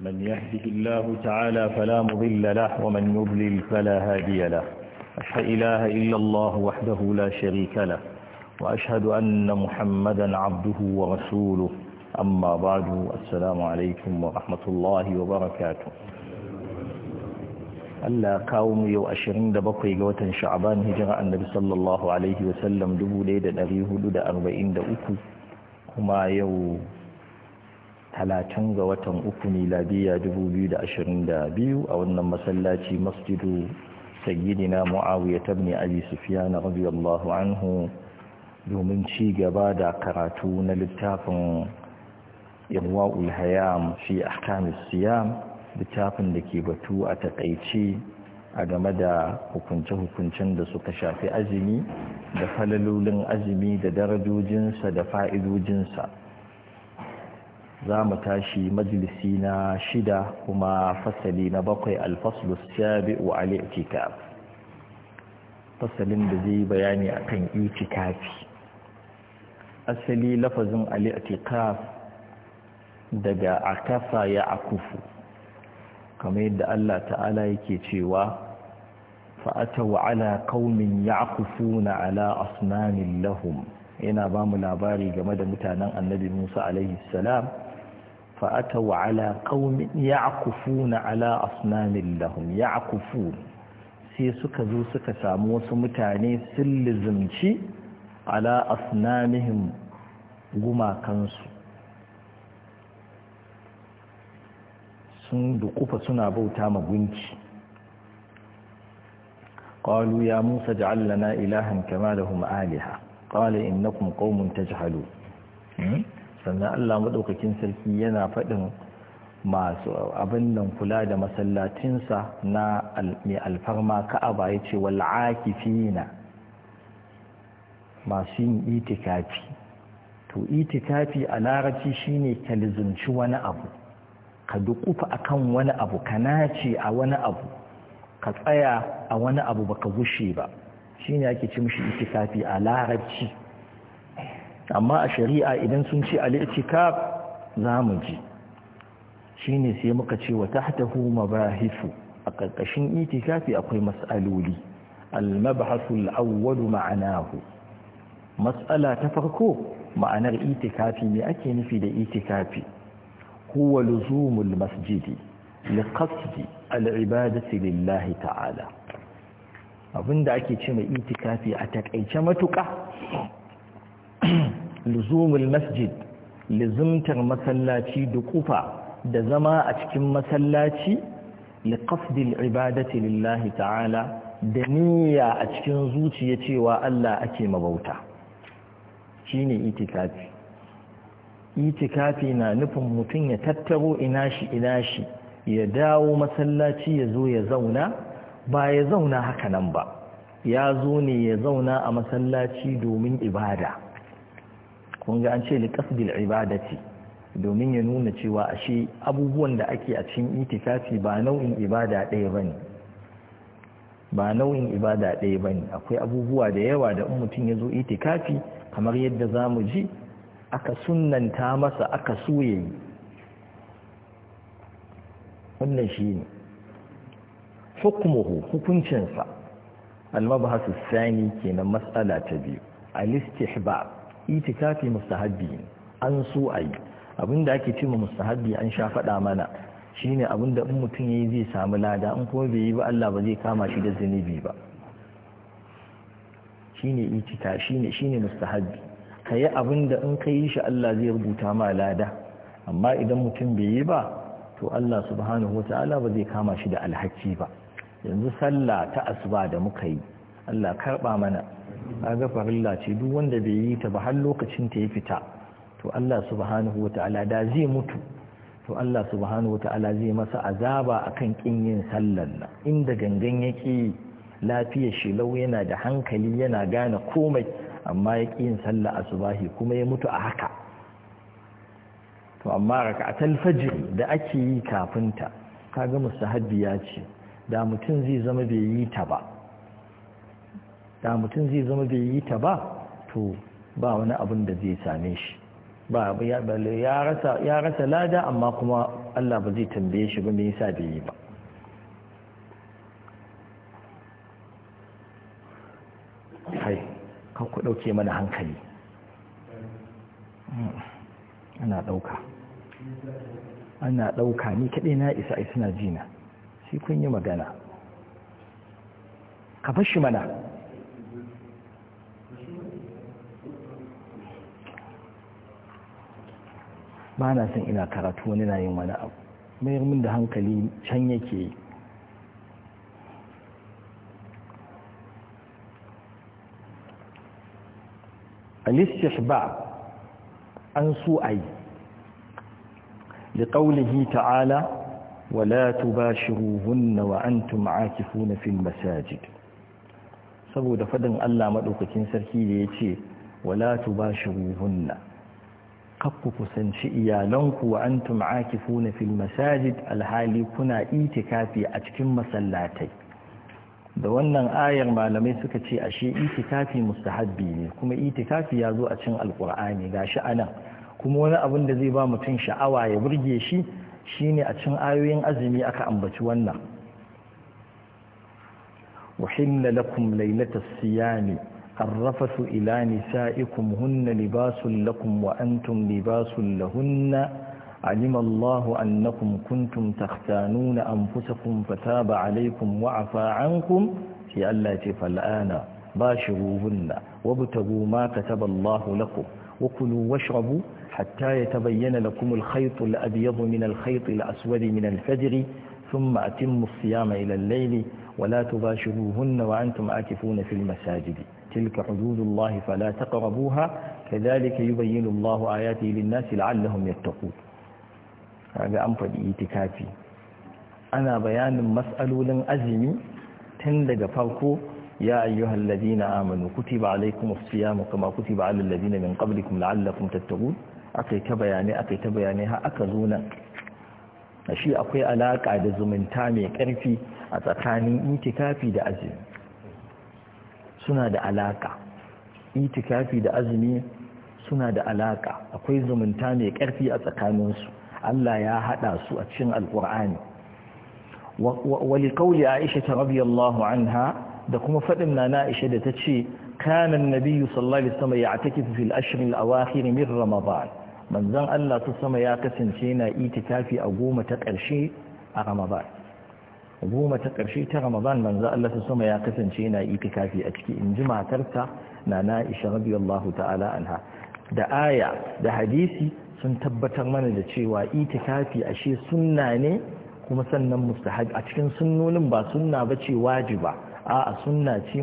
من يهدي الله تعالى فلا مضل له ومن يضلل فلا هادي له أشهد إله إلا الله وحده لا شريك له وأشهد أن محمدا عبده ورسوله أما بعد السلام عليكم ورحمة الله وبركاته ألا قوم Allah دبقي mu شعبان ashirin النبي صلى الله عليه وسلم hijira ليدا sallallahu alaihi أربعين uku كما يو talatin ga watan uku miladiya biyu a wannan masallaci masjidu sayyidina mu'awiyah ibn abi sufyan radiyallahu anhu domin ci gaba da karatu na littafin irwa'ul hayam fi ahkamis siyam littafin da ke batu a takaici a game da hukunce-hukuncen da suka shafi azumi da falalolin azumi da darajojinsa da fa'idojinsa za mu tashi majalisi na shida kuma fasali na bakwai alfaslu shabi'u al fasalin da zai bayani a kan itikafi asali lafazin al daga Akasa ya akufu kamar yadda Allah ta'ala yake cewa fa'atawa ala qaumin na ala asnamin lahum yana ba mu labari game da mutanen annabi Musa alaihi salam فأتوا على قوم يعكفون على أصنام لهم يعكفون sai suka zo suka samu wasu mutane sun lizimci ala asnamihim gumakansu sun dukufa suna bauta ma gunki qalu ya musa ja'al lana ilahan kama lahum aliha qala innakum ta jihalu. sannan Allah maɗaukakin sarki yana faɗin masu abin nan kula da masallatinsa na mai alfarma ka'aba ya ce fina masu yin itikafi to itikafi a larabci shine ka lizunci wani abu ka dukufa akan wani abu ka nace a wani abu ka tsaya a wani abu baka gushe ba shine ake ce mishi itikafi a larabci amma a shari'a idan sun ce al'itikaf za mu ji shi ne sai muka ce wa tahtahu mabahisu a ƙarƙashin itikafi akwai mas'aloli al-mabahasul awwalu ma'anahu Matsala ta farko ma'anar itikafi ne ake nufi da itikafi huwa luzumul masjidi liqasdi al-ibadati lillahi ta'ala abinda ake ce mai itikafi a takaice matuƙa luzumul masjid lizumtar masallaci da kufa da zama a cikin masallaci liqasdil ibadati lillahi ta'ala da niyya a cikin zuciya cewa Allah ake mabauta shine itikafi itikafi na nufin mutum ya tattaro ina shi ina shi ya dawo masallaci ya zo ya zauna ba ya zauna haka nan ba ya zo ne ya zauna a masallaci domin ibada kun ga an ce li qasdil ibadati domin ya nuna cewa ashe abubuwan da ake a cikin itikafi ba nau'in ibada ɗaya bane ba nau'in ibada ɗaya bane akwai abubuwa da yawa da mutum ya zo itikafi kamar yadda za mu ji aka sunnanta masa aka soye wannan shi ne hukumuhu hukuncinsa almabahasu sani kenan matsala ta biyu alistihbab itikafi mustahabbi an so ayi, abinda ake cewa mustahabbi an sha faɗa mana shine abinda in mutum yayi zai samu lada in kuma bai yi ba Allah ba zai kama shi da zunubi ba shine itika shine shine mustahabbi kayi abinda in kai shi Allah zai rubuta ma lada amma idan mutum bai yi ba to Allah subhanahu wata'ala ba zai kama shi da alhaki ba yanzu sallah ta asuba da muka yi Allah karba mana kaga farilla ce duk wanda bai yi ta ba har lokacin ta ya fita to Allah subhanahu wa ta'ala da zai mutu to Allah subhanahu wa ta'ala zai masa azaba akan kin yin sallar nan inda gangan yake lafiyar shi lau yana da hankali yana gane komai amma ya ƙi yin sallah asubahi kuma ya mutu a haka to amma raka'atul fajr da ake yi kafin ta kaga ya ce da mutum zai zama bai yi ta ba da mutum zai zama bai yi ta ba to ba wani abin da zai same shi ba ya rasa lada amma kuma Allah ba zai tambaye shi ba me yasa bai yi ba kai kan ku dauke mana hankali hmm, ana ɗauka ana dauka ni kadai na isa ai suna jina sai kun yi magana ka fashi mana ba na son ina karatu wani na yin wani abu mayar min da hankali can yake yi al-istihbab an su ai liqaulihi ta'ala wala tubashiruhunna wa antum aakifuna fil masajid saboda fadin Allah madaukakin sarki da yace wala tubashiruhunna kakku kusanci iyalanku wa antum akifuna fil masajid alhali kuna itikafi a cikin masallatai da wannan ayar malamai suka ce ashe itikafi mustahabbi ne kuma itikafi ya zo a cin alkur'ani gashi anan kuma wani abin da zai ba mutum sha'awa ya burge shi shine a cin ayoyin azumi aka ambaci wannan وحل لكم ليلة الصيام الرفث إلى نسائكم هن لباس لكم وأنتم لباس لهن علم الله أنكم كنتم تختانون أنفسكم فتاب عليكم وعفى عنكم في التي فالآن باشروهن وابتغوا ما كتب الله لكم وكلوا واشربوا حتى يتبين لكم الخيط الأبيض من الخيط الأسود من الفجر ثم أتموا الصيام إلى الليل ولا تباشروهن وأنتم آكفون في المساجد تلك حدود الله فلا تقربوها كذلك يبين الله آياته للناس لعلهم يتقون هذا أنفد إيتكافي أنا بيان مسألة أزمي تندق فوقه يا أيها الذين آمنوا كتب عليكم الصيام كما كتب على الذين من قبلكم لعلكم تتقون أكي تبياني أكي تبيانيها أكذونا shi akwai alaƙa da zumunta mai ƙarfi a tsakanin itikafi da azumi suna da alaka itikafi da azumi suna da alaka akwai zumunta mai ƙarfi a tsakaninsu Allah ya haɗa su a cikin alƙur'ani wali kauli aisha ta radiyallahu anha da kuma faɗin na na'isha da ta ce kanan nabiyyu sallallahu alaihi wasallam ya'takifu fil ashr al awakhir min ramadan manzon Allah ta sama ya kasance yana itikafi a goma ta ƙarshe a ramadan goma ta ƙarshe ta ramadan manzo Allah ta sama ya kasance yana itikafi a ciki in ji matarsa na na isha radiyallahu ta'ala anha da aya da hadisi sun tabbatar mana da cewa itikafi ashe sunna ne kuma sannan mustahab a cikin sunnonin ba sunna ba ce wajiba a'a sunna ce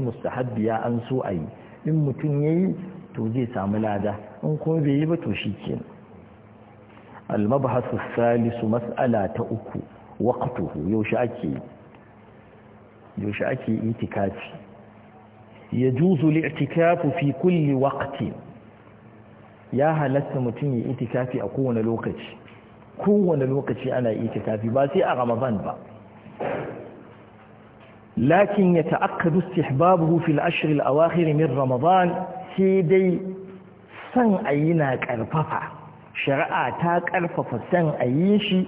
ya an so a yi in mutum yayi to zai samu lada in kuma bai yi ba to shikenan al-mabhasu thalith mas'ala ta uku waqtuhu yaushe ake yaushe ake itikafi yajuzu li'tikafu fi kulli waqti ya halatta mutum ya itikafi a kowane lokaci kowane lokaci ana itikafi ba sai a ramadan ba lakin ya ta'akkadu istihbabuhu fil ashr al awakhir min ramadan sai dai san ayi na karfafa shari'a ta karfafa san ayi shi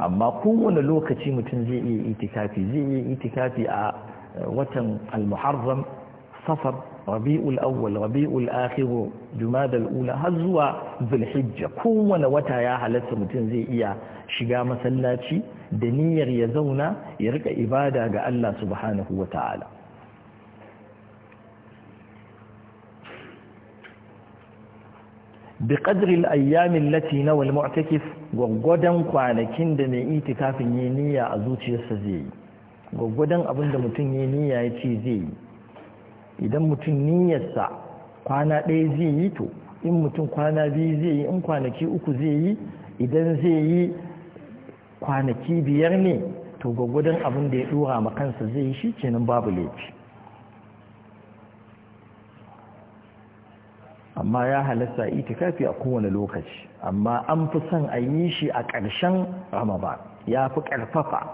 amma kowane lokaci mutum zai iya itikafi zai iya itikafi a eh, watan al-muharram safar rabi'ul awwal rabi'ul akhir jumada ula har zuwa zulhijja kowane wata ya halatta mutum zai iya shiga masallaci da niyyar ya zauna ya rika ibada ga Allah subhanahu wa ta'ala bi qadri al-ayyamin lati nawa al-mu'takif gwaggwadon kwanakin da mai itikafin yi niyya a zuciyarsa zai yi gwaggwadon abin da mutum yi niyya ya ce zai yi idan mutum niyyarsa kwana ɗaya zai yi to in mutum kwana biyu zai yi in kwanaki uku zai yi idan zai yi kwanaki biyar ne to gwaggwadon abin da ya ɗora ma kansa zai yi shi kenan babu laifi amma ya halatta itikafi a kowane lokaci amma an fi son a yi shi a ƙarshen ramadan ya fi ƙarfafa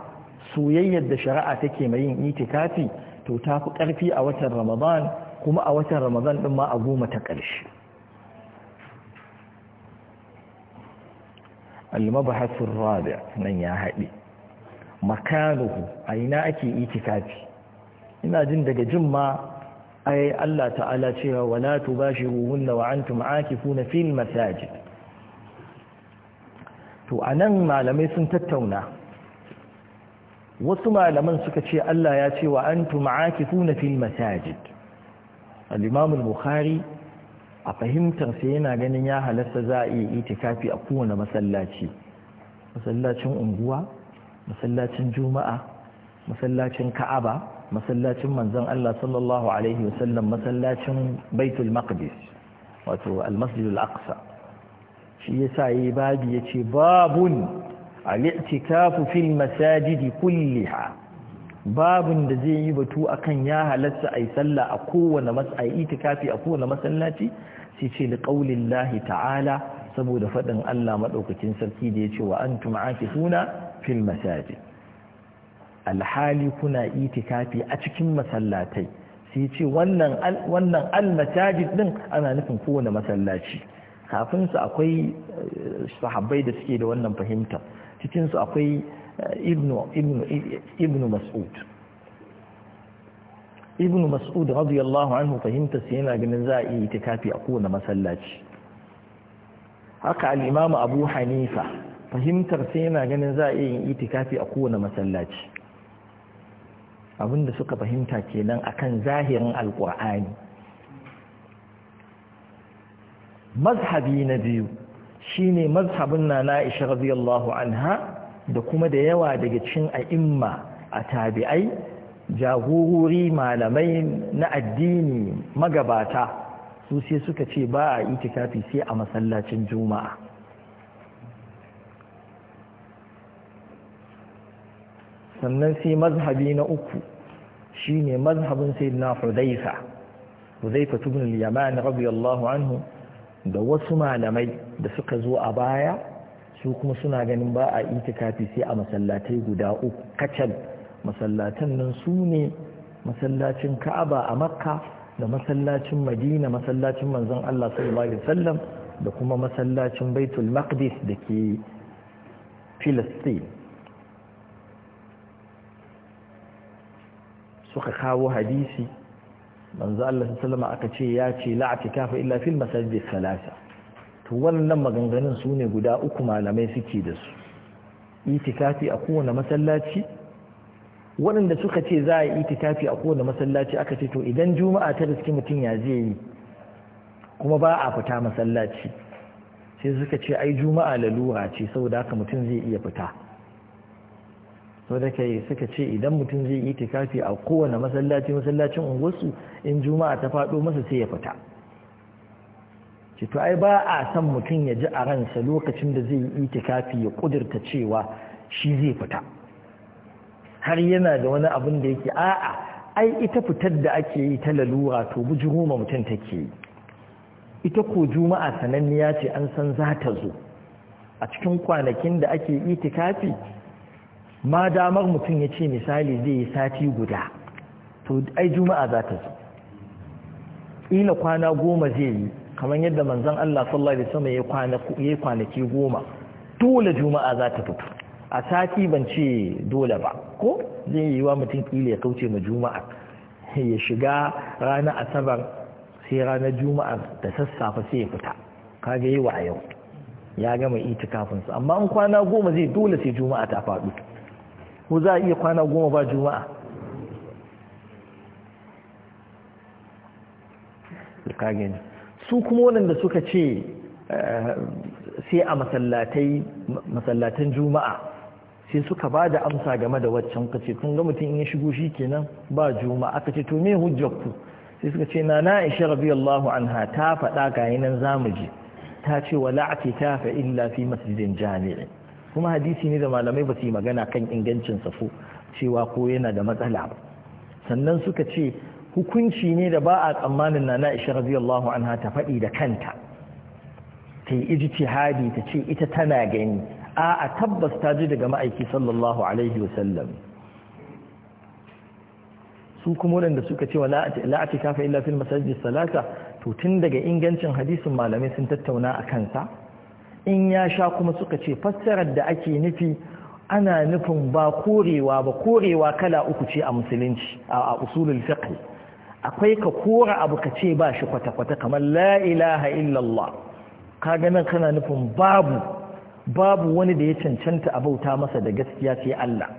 soyayyar da shari'a take mai yin itikafi to ta fi ƙarfi a watan ramadan kuma a watan ramadan ɗin ma a goma ta ƙarshe almabahasin rabia nan ya haɗe makaruhu a ina ake itikafi ina jin daga jin ma ai Allah ta'ala cewa wala tubashiruhunna wa antum aakifuna fil masajid to anan malamai sun tattauna wasu malaman suka ce Allah ya ce wa antum aakifuna fil masajid al-imam al-bukhari a fahimtar sai yana ganin ya halarta za a iya itikafi a kowane masallaci masallacin unguwa masallacin juma'a masallacin ka'aba masallacin manzon Allah sallallahu alaihi wasallam masallacin baitul maqdis wato al al-aqsa shi yasa yi babi yace babun al-i'tikafu fil masajid kulliha babun da zai yi batu akan ya halatta ai sallah a kowane masai itikafi a kowane masallaci sai ce li ta'ala saboda fadin Allah madaukakin sarki da yace wa antum suna fil masajid alhali kuna itikafi a cikin masallatai sai ce wannan almasajid al din ana nufin kowane masallaci kafin su akwai eh, sahabbai da suke da wannan fahimta cikin su akwai eh, ibnu ibnu mas'ud ibnu mas'ud radiyallahu anhu fahimta sai yana ganin za a itikafi a kowane masallaci haka al'imamu abu hanifa fahimtar sai yana ganin za a yi itikafi a kowane masallaci abinda suka fahimta kenan akan zahirin Alƙur'ani. mazhabi na biyu shine mazhabin na na'isha radiyallahu anha da kuma da yawa daga cin a'imma a tabi'ai jagorori malamai na addini magabata su sai suka ce ba a itikafi sai a masallacin juma'a sannan sai mazhabi na uku shine mazhabin na Hudayfa Hudayfa tubin al-Yaman anhu da wasu malamai da suka zo a baya su kuma suna ganin ba a itikafi sai a masallatai guda uku kacal masallatan nan su ne masallacin Ka'aba a Makka da masallacin Madina masallacin manzon Allah sallallahu alaihi wasallam da kuma masallacin Baitul Maqdis ke Filistin suka kawo hadisi manzo Allah sallama aka ce ya ce la atikafa illa fil masajid salasa to wannan maganganun su ne guda uku malamai suke da su itikafi a kowane masallaci waɗanda suka ce za a yi itikafi a kowane masallaci aka ce to idan juma'a ta riski mutum ya je yi kuma ba a fita masallaci sai suka ce ai juma'a lalura ce saboda haka mutum zai iya fita to da kai suka ce idan mutum zai yi tikafi a kowane masallaci masallacin unguwarsu in juma'a ta faɗo masa sai ya fita ce to ai ba a san mutum ya ji a ransa lokacin da zai yi itikafi ya kudirta cewa shi zai fita har yana da wani abin da yake a'a ai ita fitar da ake yi ta lalura to bujuruma ma mutum take yi ita ko juma'a sananniya ce an san za ta zo a cikin kwanakin da ake itikafi ma damar mutum ya ce misali zai yi sati guda to ai juma'a za ta zo ƙila kwana goma zai yi kamar yadda manzan Allah sallallahu alaihi wasallam ya yi kwanaki goma dole juma'a za ta fito a sati ban ce dole ba ko zai yi wa mutum ƙila ya kauce ma juma'a ya shiga ranar asabar sai ranar juma'a da sassafe sai ya fita kaga yi wa a yau ya gama itikafin amma in kwana goma zai dole sai juma'a ta faɗo ko za a iya kwana goma ba juma'a su kuma waɗanda suka ce eh, sai a masallatan juma'a sai suka ba da amsa game da waccan kace tun ga mutum in ya shigo shi kenan ba juma'a aka ce to me hujjarku sai suka ce na na radiyallahu anha ta faɗa ga nan zamu je ta ce wala ta fa illa fi masjidin jami'in kuma hadisi ne da malamai ba su yi magana kan ingancin safo cewa ko yana da matsala ba sannan suka ce hukunci ne da ba a tsammanin na na'isha radiyallahu anha ta faɗi da kanta ta yi ijtihadi ta ce ita tana gani a a tabbas ta ji daga ma'aiki sallallahu alaihi wasallam su kuma wadanda suka ce wa la'ati kafa illa fil masajid salata to tun daga ingancin hadisin malamai sun tattauna a kansa in ya sha kuma suka ce fassarar da ake nufi ana nufin ba korewa ba korewa kala uku ce a musulunci a usulul fiqh akwai ka kora abu ka ce ba shi kwata-kwata kamar la ilaha illallah kaga nan kana nufin babu babu wani da ya cancanta a bauta masa da gaskiya sai Allah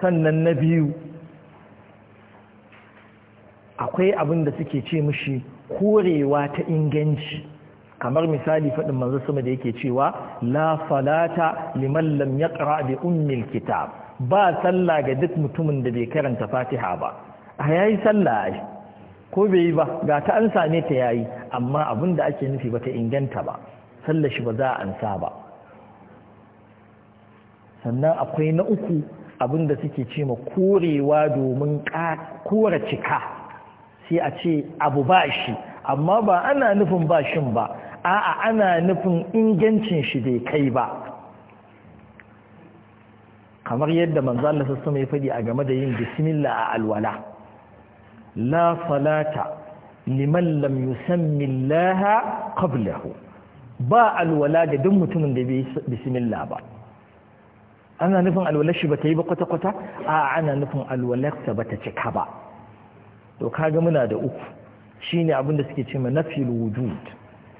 sannan na biyu akwai abin da suke ce mishi korewa ta inganci kamar misali faɗin manzo sama da yake cewa la salata liman lam yaqra bi ummil kitab ba sallah ga duk mutumin da bai karanta fatiha ba a yayi sallah ko bai yi ba ga ta an same ta yayi amma abin da ake nufi ba ta inganta ba sallar shi ba za a ansa ba sannan akwai na uku abin da suke ce ma korewa domin kora cika sai a ce abu ba shi amma ba ana nufin ba shin ba a'a ana nufin ingancin shi bai kai ba kamar yadda manzo Allah sallallahu alaihi wasallam ya faɗi a game da yin bismillah a alwala la salata liman lam yusammi Allah qablahu ba alwala da duk mutumin da bai bismillah ba ana nufin alwalar shi bata yi ba kwata-kwata a ana nufin alwalar ba bata cika ba to kaga muna da uku shine abin da suke cewa nafyul wujud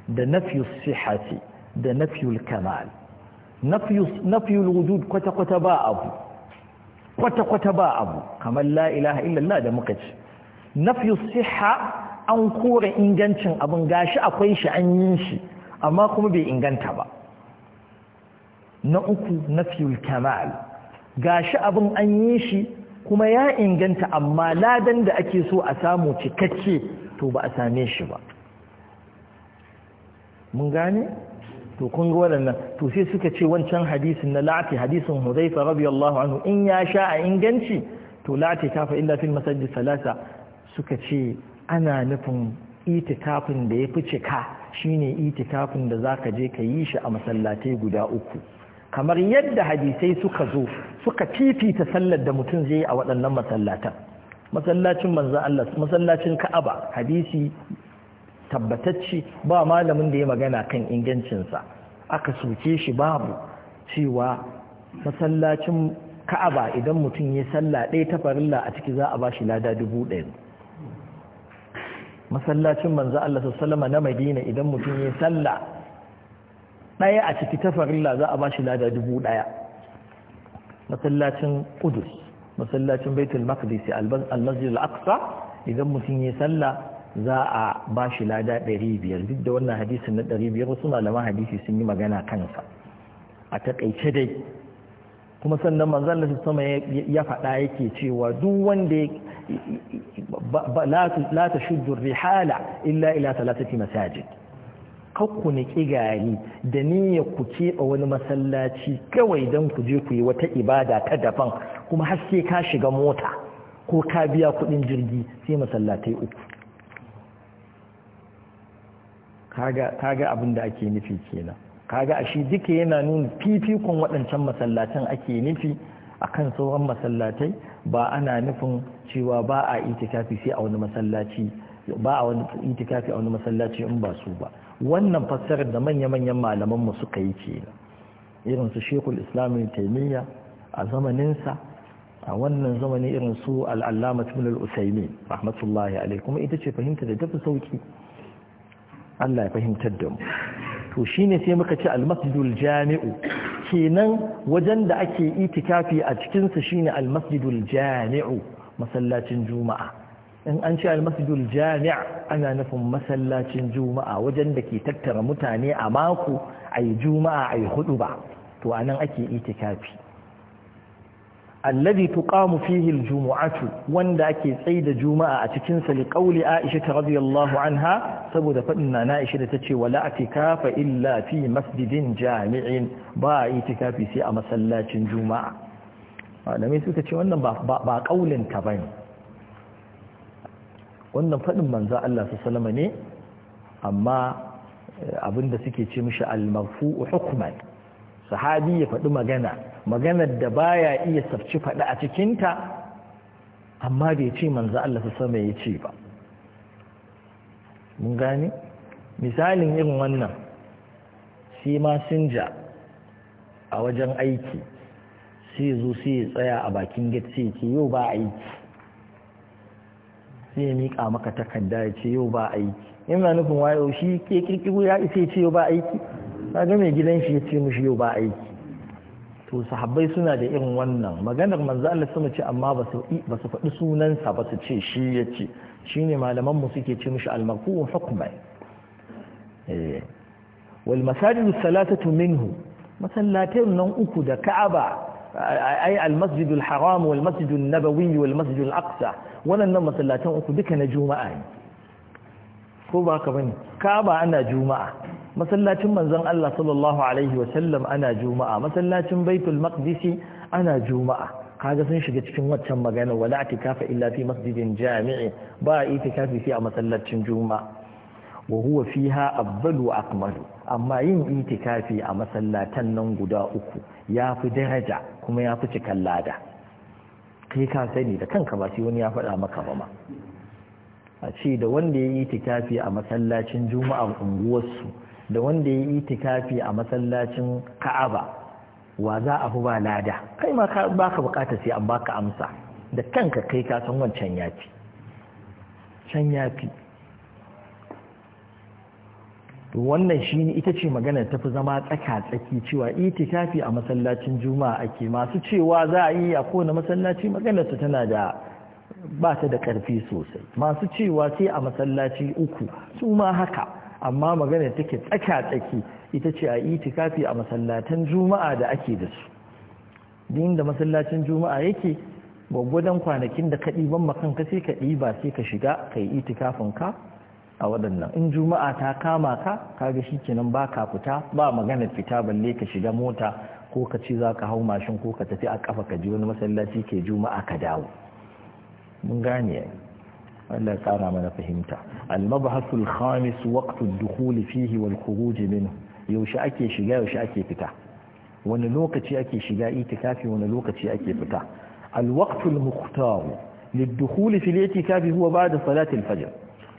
da nafyus sihhati da nafyul kamal nafyus nafyul wujud kwata kwata ba abu kwata kwata ba abu kamar la ilaha illallah da muka ci. nafyus sihha an kore ingancin abin gashi akwai shi an yi shi amma kuma bai inganta ba na uku nafyul kamal gashi abin an yi shi kuma ya inganta amma ladan da ake so a samu cikakke to ba a same shi ba mun gane to kun ga waɗannan to sai suka ce wancan hadisin na lati hadisin hudaifa radiyallahu anhu in ya sha a inganci to lati fa illa fil masajid salasa suka ce ana nufin itikafin da ya fi cika shine itikafin da zaka je ka yi shi a masallatai guda uku kamar yadda hadisai suka zo suka fifita sallar da mutum zai yi a waɗannan masallatan masallacin manzan Allah masallacin Ka'aba hadisi tabbatacci ba malamin da ya magana kan ingancinsa aka soke shi babu cewa masallacin Ka'aba idan mutum ya salla ɗaya ta farilla a ciki za a ba shi lada dubu ɗaya masallacin manzan Allah sallama na Madina idan mutum ya salla ɗaya a ciki ta farilla za a ba shi lada dubu ɗaya masallacin kudus masallacin baitul maqdisi al-masjid al-aqsa idan mutum ya sallah za a ba shi lada ɗari biyar duk da wannan hadisin na ɗari biyar wasu malaman hadisi sun yi magana kansa a taƙaice dai kuma sannan manzon Allah sama ya faɗa yake cewa duk wanda la tashuddu rihala illa ila thalathati masajid kakku na gari da niyyar ku keɓe wani masallaci kawai don ku je ku yi wata ibada ta daban kuma haske ka shiga mota ko ka biya kuɗin jirgi sai masallatai uku kaga abin da ake nufi kenan kaga a shi duka yana nuna fifikon waɗancan masallatan ake nufi a kan sauran masallatai ba ana nufin cewa ba a itikafi sai a wani masallaci ba a wani itikafi a wani masallaci in ba su ba wannan fassarar da manya-manyan malamanmu suka yi ke irin su shekul islamin taimiyya a zamaninsa a wannan zamanin irin su al'allama tuminal usaimi rahmatullahi alai kuma ita ce fahimta da tafi sauki Allah ya fahimtar da mu to shine sai muka ce almasjidul jami'u kenan wajen da ake itikafi a cikinsa shine almasjidul jami'u masallacin juma'a in an ce almasjidul jami'a ana nufin masallacin juma'a wajen da ke tattara mutane a mako a yi juma'a a yi hudu ba to anan ake itikafi alladhi tuqamu fihi aljumu'atu wanda ake tsaida juma'a a cikin sa liqauli aisha radhiyallahu anha saboda fadin na aisha da tace wala atikafa illa fi masjidin jami'in ba itikafi sai a masallacin juma'a malamai suka ce wannan ba ba kaulin ta bane wannan faɗin manzo Allah su salama ne amma eh, abinda suke ce mishi almarfu hukman sahabi ya faɗi magana maganar da baya iya safci faɗi a cikinta amma bai ce manzo Allah su salama ya ce ba mun gane misalin irin wannan shi ma sinja a wajen aiki sai zo sai ya tsaya a bakin gate sai ke yau ba aiki sai ya miƙa maka takarda ya ce yau ba aiki ina nufin wayo shi ke kirkiru ya isa ya ce yau ba aiki kaga mai gidan shi ya ce mushi yau ba aiki to sahabbai suna da irin wannan maganar manzo Allah sun ce amma ba su ba su faɗi sunansa ba su ce shi ya ce shine malaman mu suke ce mishi almarku hukma eh wal masajidu salatatu minhu masallatai nan uku da Ka'aba ai almasjidu alharam wal masjidu an-nabawi wal masjidu masallatan uku duka na juma'a ne ko ba kaba ana juma'a masallacin manzon Allah sallallahu alaihi wa sallam ana juma'a masallacin baitul makdisi ana juma'a kaga sun shiga cikin waccan magana wala atikafa illa fi masjidin jami'i ba itikafi fi a masallacin juma'a wa huwa fiha abdalu wa amma yin itikafi a masallatan nan guda uku ya fi daraja kuma ya fi cikan lada kai ka sani da kanka ba sai wani ya faɗa maka ba ma a ce da wanda ya yi itikafi a masallacin juma'a unguwarsu da wanda ya yi itikafi a masallacin ka'aba wa za a fi ba lada kai ma ba ka bukata sai an baka amsa da kanka kai ka san wancan yafi can yafi to wannan shi ne ita ce magana ta fi zama tsaka-tsaki cewa itikafi a masallacin juma'a ake masu cewa za a yi a kowane masallaci maganarta tana da ba ta da karfi sosai masu cewa sai a masallaci uku su ma haka amma maganar take tsaka-tsaki ita ce a itikafi a masallatan juma'a da ake da su din da masallacin juma'a yake gwaggwadon kwanakin da ka ɗiban ka sai ka ɗiba sai ka shiga ka yi itikafin ka a waɗannan in juma'a ta kama ka kaga shi kenan ba ka fita ba magana fita balle ka shiga mota ko ka ci za ka hau mashin ko ka tafi a ƙafa ka ji wani masallaci ke juma'a ka dawo mun gane Allah ya tsara mana fahimta al-mabhasu al-khamis waqtu ad-dukhul fihi wal khuruj minhu yaushe ake shiga yaushe ake fita wani lokaci ake shiga itikafi wani lokaci ake fita al-waqtu al-mukhtar lid-dukhul fi itikafi huwa ba'da salati al-fajr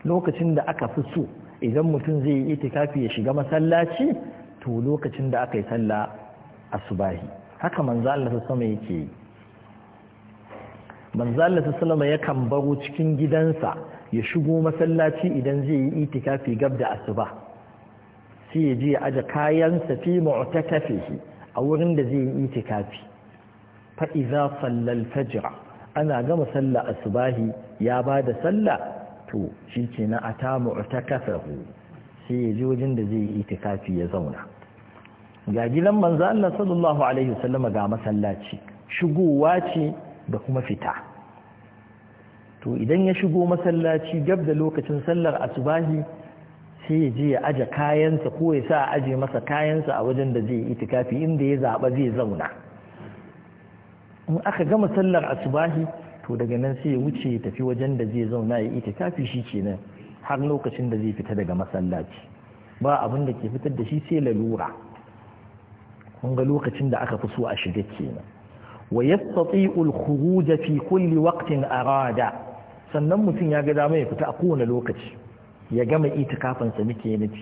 lokacin da aka fi so idan mutum zai yi itikafi ya shiga masallaci to lokacin da aka yi sallah asubahi haka manzo Allah ta sama yake manzo Allah ta sallama yakan baro cikin gidansa ya shigo masallaci idan zai yi itikafi gab da asuba sai ya je ya aje kayansa fi mu'takafihi a wurin da zai yi itikafi fa idza sallal fajr ana gama sallah asubahi ya bada sallah to shi ke na a tamu ta kasahu, sai ya ji wajen da zai yi tikafi ya zauna ga gidan manzo Allah sallallahu alaihi wasallam ga masallaci shigowa ce da kuma fita to idan ya shigo masallaci gab da lokacin sallar asubahi sai ya je ya aje kayansa ko ya sa aje masa kayansa a wajen da zai yi itikafi inda ya zaba zai zauna in aka gama sallar asubahi to daga nan sai ya wuce ya tafi wajen da zai zauna ya ita tafi shi kenan har lokacin da zai fita daga masallaci ba abin da ke fitar da shi sai lalura kun ga lokacin da aka fi so a shiga kenan wa yastati'u al-khuruj fi kulli waqtin arada sannan mutum ya ga dama ya fita a kowane lokaci ya gama itikafin sa muke nufi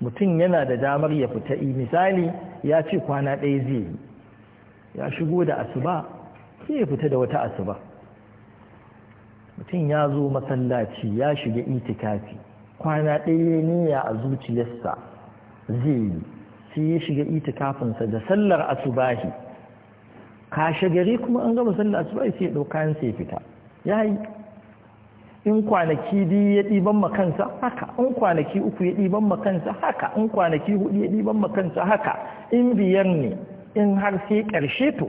mutum yana da damar ya fita misali ya ce kwana ɗaya zai yi. ya shigo da asuba sai ya fita da wata asuba mutum ya zo masallaci ya shiga itikafi kwana ɗaya ne ya a zuciyarsa zai yi sai ya shiga itikafinsa da sallar asubahi kashe gari kuma an gama sallar asubahi sai ya ɗauka sai fita ya yi in kwanaki biyu ya ɗiban makansa haka in kwanaki uku ya ɗiban makansa haka in kwanaki hudu ya ɗiban makansa haka in biyar ne in har sai ƙarshe to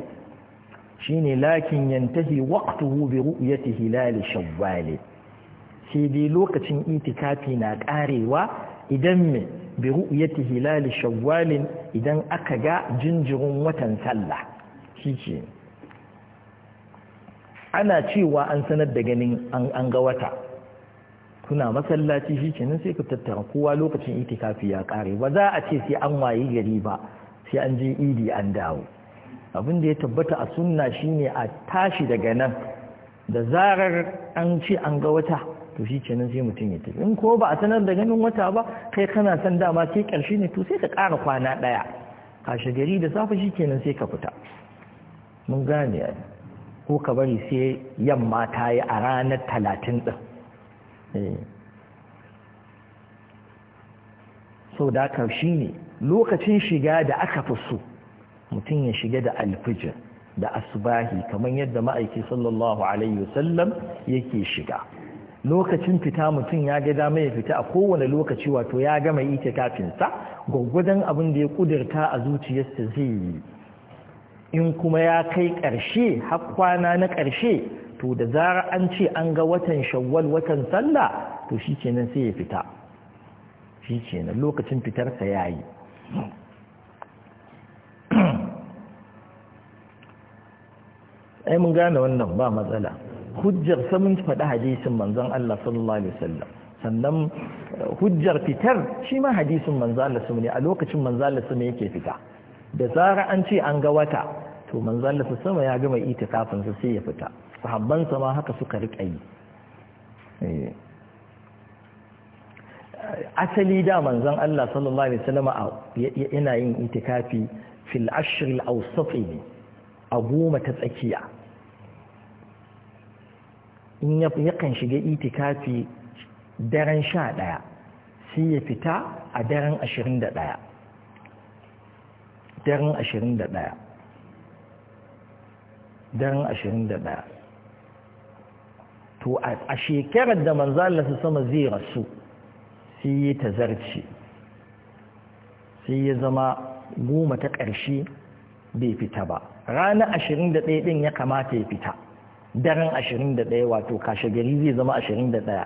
shine lakin yantahi waqtuhu bi ru'yati hilal shawwal sai dai lokacin itikafi na karewa idan me bi ru'yati hilal shawwal idan aka ga jinjirin watan sallah shi ce ana cewa an sanar da ganin an ga wata kuna masallaci shi nan sai ku tattara kowa lokacin itikafi ya kare ba za a ce sai an wayi gari ba sai an je idi an dawo abin da ya tabbata a sunna shine a tashi daga nan da zarar an ce an ga wata to shi kenan sai mutum ya tafi in ko ba a sanar da ganin wata ba kai kana san dama sai karshe ne to sai ka ƙara kwana ɗaya kashe gari da safe shi kenan sai ka fita mun gane ya ko ka bari sai yamma ta yi a ranar talatin ɗin eh. sau da haka shi ne lokacin shiga da aka fi so mutum ya shiga da alfijir da asubahi kamar yadda ma'aiki sallallahu alaihi wasallam yake shiga lokacin fita mutum ya ga dama ya fita a kowane lokaci wato ya gama ita kafinsa gwaggwadon abin da ya kudirta a zuciyarsa zai yi in kuma ya kai ƙarshe har kwana na ƙarshe to da zara an ce an ga watan shawwal watan sallah to shi kenan sai ya fita shi kenan lokacin fitarsa ya yi ai mun gane wannan ba matsala hujjar sa mun faɗi hadisin manzon Allah sallallahu alaihi wasallam sannan eh, hujjar fitar shi ma hadisin manzon Allah su ne a lokacin manzon Allah su yake fita da zara an ce an ga wata to manzon Allah su ya gama itikafin sa sai ya fita sahabban sa ma haka suka rika yi eh. asali da manzon Allah sallallahu alaihi wasallam yana yin itikafi fil ashr al awsat a goma ta tsakiya in ya yakan shiga itikafi daren sha ɗaya sai ya fita a daren ashirin da ɗaya daren ashirin da ɗaya daren ashirin da ɗaya to a shekarar da su sama zai rasu sai ya tazarci sai ya zama goma ta ƙarshe bai fita ba ranar ashirin da ɗaya ɗin ya kamata ya fita daren ashirin da ɗaya wato kashe gari zai zama ashirin da ɗaya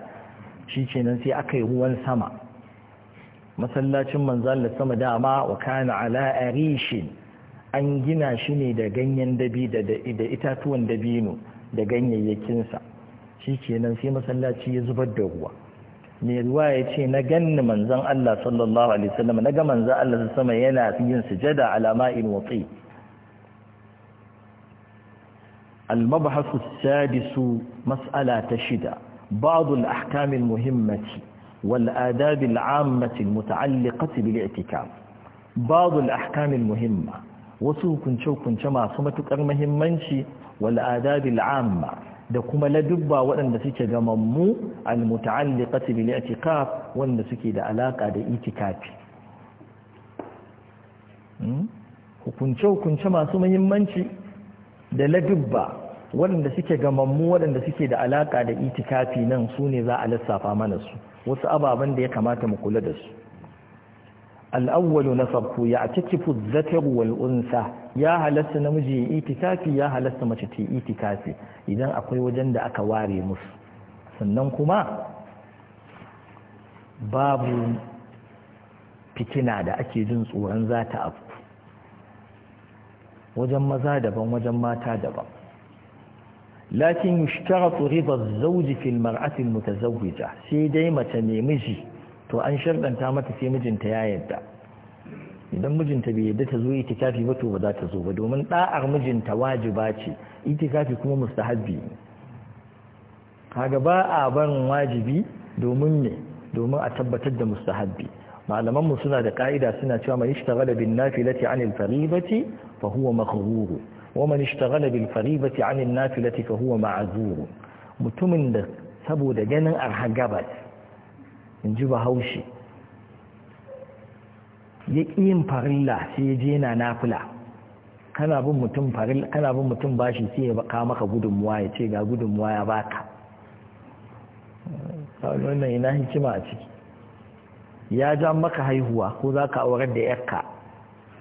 shi kenan sai aka yi ruwan sama masallacin manzan da sama dama wa kana ala arishin an gina shi ne da ganyen dabi da itatuwan dabino da ganyayyakinsa shi kenan sai masallaci ya zubar da ruwa mai ruwa ya ce na ganni manzan Allah sallallahu alaihi wasallam na ga manzan Allah sama yana yin sujada alama in watsi المبحث السادس مسألة تشدة بعض الأحكام المهمة والآداب العامة المتعلقة بالاعتكاف بعض الأحكام المهمة وسوكن شوكن شما سمتك أرمهم منشي والآداب العامة da kuma ladubba waɗanda suke gamammu almuta'alliqati bil i'tikaf wanda suke da alaka da itikafi hukunce hukunce masu muhimmanci da ladubba waɗanda suke gamammu waɗanda suke da alaƙa da itikafi nan su ne za a lissafa mana su wasu ababen da ya kamata mu kula da su al'awwalu na ya takifu zakaru wal unsa ya halasta namiji ya itikafi ya halasta mace ta itikafi idan akwai wajen da aka ware musu sannan kuma babu fitina da ake jin tsoron za ta abu wajen maza daban wajen mata daban lakin yushtaratu rida az-zawji fil mar'ati al-mutazawwija sai dai mace ne miji to an shardanta mata sai mijinta ya yadda idan mijinta bai yarda ta zo itikafi ba to ba za ta zo ba domin da'ar mijinta wajiba ce itikafi kuma mustahabbi ne kaga ba a barin wajibi domin ne domin a tabbatar da mustahabbi malaman mu suna da ka'ida suna cewa mai ishtaghala bin nafilati anil fariidati fa huwa maghrur ومن اشتغل بالفريضة عن النافلة فهو معذور mutumin da saboda ganin arhan gabas in ji bahaushe ya ƙi yin farilla sai ya je na nafila kana bin mutum farilla kana bin mutum bashi sai ya ka maka gudunmuwa ya ce ga gudunmuwa ya baka wannan ina hikima a ciki ya ja maka haihuwa ko za ka aurar da yarka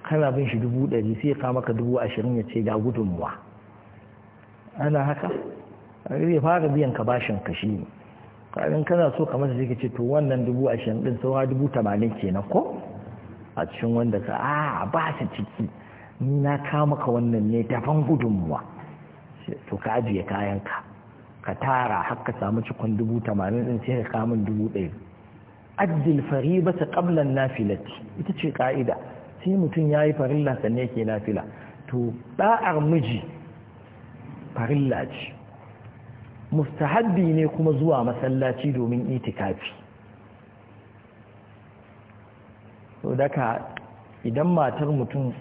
kana bin shi dubu ɗari sai ka maka dubu ashirin ya ce ga gudunmuwa ana haka zai fara biyan ka bashin ka shi ne ƙarin kana so ka masa sai ce to wannan dubu ashirin ɗin saura dubu tamanin kenan ko a cikin wanda ka a ba su ciki ni na ka maka wannan ne daban gudunmuwa to ka ajiye kayan ka ka tara har ka samu cikon dubu tamanin ɗin sai ka kamun dubu ɗari addil ta qabla nafilati ita ce ka'ida sai mutum ya yi farilla sannan yake nafila to ɗa'ar miji farilla ce mustahabbi ne kuma zuwa masallaci domin itikafi so daga idan matar mutum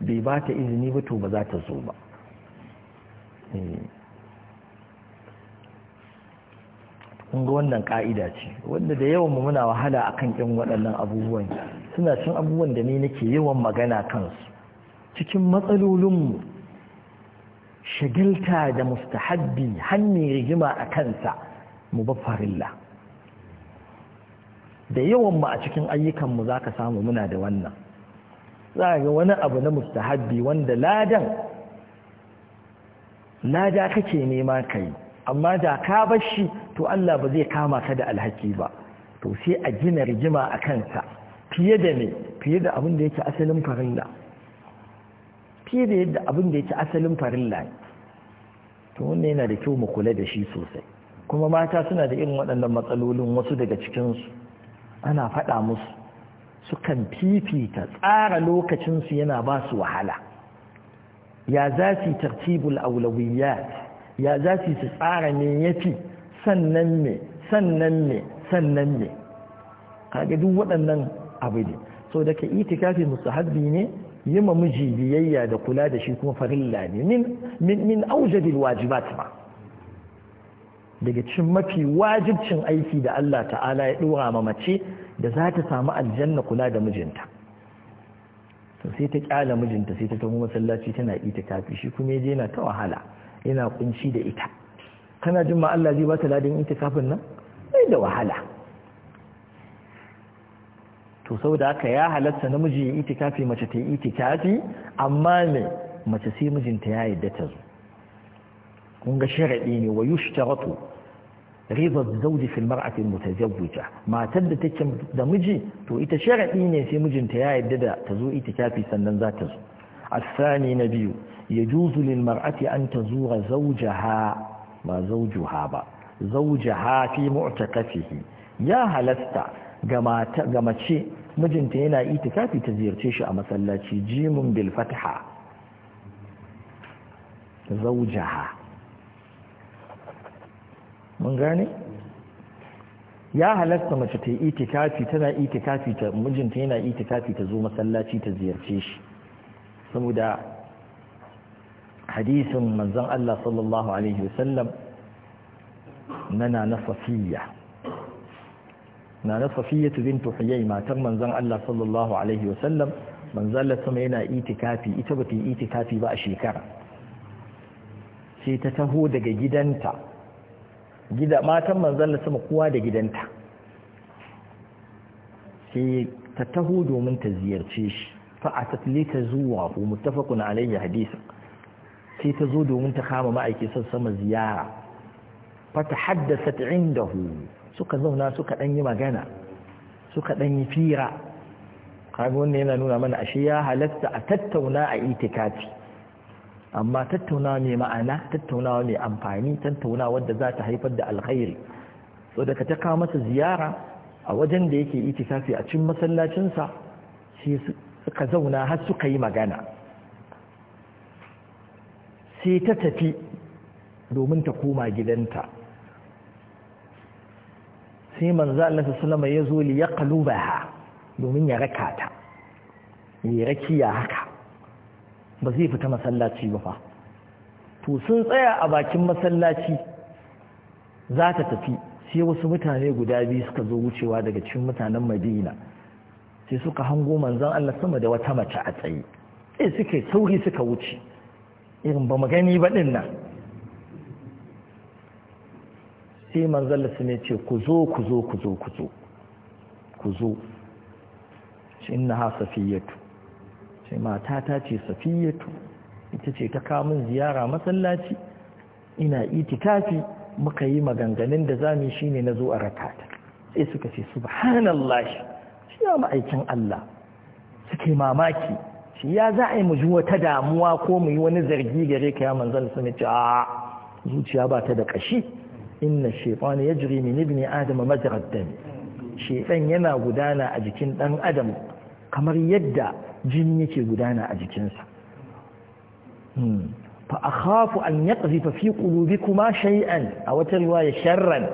bai ba ta izini ba to ba za ta zo ba eh. kun ga wannan ka'ida ce wanda da yawan mu muna wahala akan 'yan waɗannan abubuwan suna cin abubuwan da ni nake yawan magana kansu cikin matsalolin mu da mustahabbi hannun rigima a kansa mu ba farilla da yawan mu a cikin ayyukanmu za ka samu muna da wannan za ga wani abu na mustahabbi wanda ladan lada kake nema kai amma da ka bar shi to Allah ba zai kama ka da alhaki ba to sai a gina rigima a kansa fiye da ne fiye da abin da yake asalin farilla fiye da yadda abin da yake asalin farilla to wannan yana da kyau mu kula da shi sosai kuma mata suna da irin waɗannan matsalolin wasu daga cikinsu ana faɗa musu sukan fifita tsara lokacinsu yana ba su wahala ya za su yi tartibul aulawiyyat ya za su tsara ne yafi sannan me sannan me sannan me kage duk waɗannan abu ne so da ka itikafi mustahabbi ne yi ma miji biyayya da kula da shi kuma farilla ne min min min aujabil wajibat ba daga cikin mafi wajibcin aiki da Allah ta'ala ya dora ma mace da za ta samu aljanna kula da mijinta to sai ta kyala mijinta sai ta tafi masallaci tana itikafi shi kuma yaje yana ta wahala yana kunci da ita kana jin ma Allah zai bata ladin itikafin nan sai da wahala to saboda haka ya halatta namiji ya itikafi mace ta yi itikafi amma ne mace sai mijinta ya yadda ta zo kun ga sharadi ne wa yushtaratu ridha zawji fi al-mar'ati al-mutazawwija matar da take da miji to ita sharadi ne sai mijinta ya yadda da ta zo itikafi sannan za ta zo الثاني نبي يجوز للمرأة أن تزور زوجها ba zaujuha ba zaujaha fi mu'takatihi ya halasta ga mace mijinta yana itikafi ta ziyarce shi a masallaci jimun bil fatha zaujaha mun gane ya halasta mace ta yi itikafi tana itikafi ta mijinta yana itikafi ta zo masallaci ta ziyarce shi saboda hadisin manzon Allah sallallahu alaihi wasallam nana na safiya na na safiya bint huyay matar manzon Allah sallallahu alaihi wasallam manzon Allah sama yana itikafi ita bata yi itikafi ba a shekara sai ta taho daga gidanta gida matan manzon Allah sama kowa da gidanta sai ta taho domin ta ziyarce shi fa atat li tazuwa muttafaqun alayya hadisin sai ta zo domin ta kama ma'aiki sama ziyara fata haddasa indahu suka zauna suka ɗan yi magana suka ɗan yi fira kaga wannan yana nuna mana ashe ya halatta a tattauna a itikafi amma tattaunawa mai ma'ana tattaunawa mai amfani tattaunawa wadda za ta haifar da alkhairi so daga ta kawo masa ziyara a wajen da yake itikafi a cikin masallacinsa sai suka zauna har suka yi magana sai ta tafi domin ta koma gidanta sai manzo Allah sallama ya zo li yaqlubaha domin ya raka ta ya rakiya haka ba zai fita masallaci ba fa to sun tsaya a bakin masallaci za ta tafi sai wasu mutane guda biyu suka zo wucewa daga cikin mutanen Madina sai suka hango manzon Allah sama da wata mace a tsaye sai suke sauri suka wuce irin ba magani ba ɗin nan sai Manzala su ne ce ku zo ku zo ku zo ku zo ku zo shi na ha safiyatu sai mata ta ce safiyatu ita ce ta kamun ziyara masallaci ina tafi muka yi maganganun da zami shi ne na zo a rakata sai suka ce subhanallah shi ya ma'aikin Allah suke mamaki ya za a yi mu ji wata damuwa ko mu yi wani zargi gare ka ya manzon sun ce a zuciya ba ta da kashi inna shaytan yajri min ibni adam majra dam shaytan yana gudana a jikin dan adam kamar yadda jini yake gudana a jikin sa hmm. fa akhafu an yaqzifa fi qulubikuma shay'an a wata ya sharran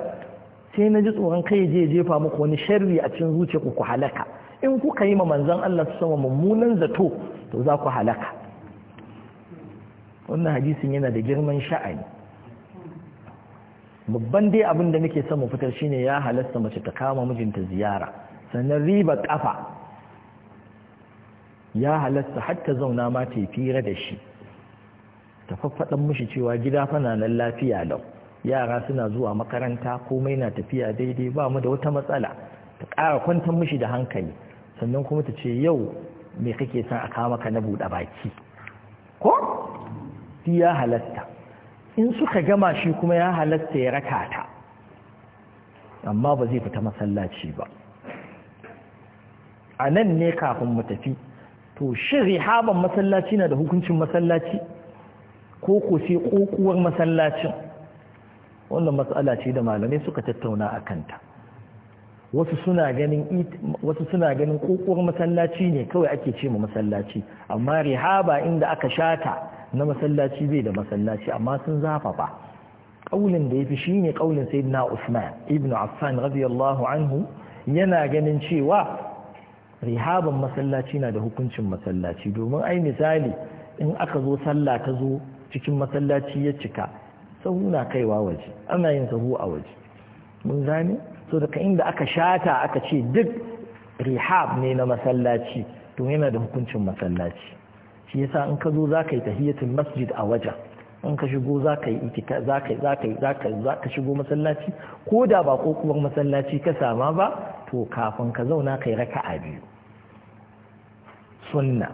sai na ji tsoron kai je jefa muku wani sharri a cikin zuciyarku ku halaka in kuka yi ma manzan Allah su sama mummunan zato to za ku halaka wannan hadisin yana da girman sha'ani babban dai abin da nake son mu fitar shine ya halasta mace ta kama mijinta ziyara sannan riba kafa ya halasta hatta zauna ma ta fira da shi ta faffaɗan mishi cewa gida fana nan lafiya lau yara suna zuwa makaranta komai na tafiya daidai ba mu da wata matsala ta ƙara kwantar mishi da hankali sannan kuma ta ce yau me kake son a kawo maka na buɗe baki ko ya halatta in suka gama shi kuma ya halatta ya raka ta amma ba zai fita masallaci ba a nan ne kafin mu tafi to shiri haban masallaci na da hukuncin masallaci ko ko sai kokuwar masallacin wannan matsala ce da malamai suka tattauna a kanta wasu suna ganin wasu suna ganin kokowar masallaci ne kawai ake ce ma masallaci amma rihaba inda aka shata na masallaci bai da masallaci amma sun zafafa ƙaunin da yafi shine kaulin sayyidina Usman ibn Affan radiyallahu anhu yana ganin cewa rihaban masallaci na da hukuncin masallaci domin ai misali in aka zo sallah ta zo cikin masallaci ya cika sahu na kaiwa waje ana yin sahu a waje mun gane so daga inda aka shata aka ce duk rehab ne na masallaci to yana da hukuncin masallaci shi yasa in ka zo za ka yi tahiyatul masjid a wajen in ka shigo za ka yi itika za ka za ka za ka shigo masallaci ko da ba ko kuma masallaci ka sama ba to kafin ka zauna kai raka'a biyu sunna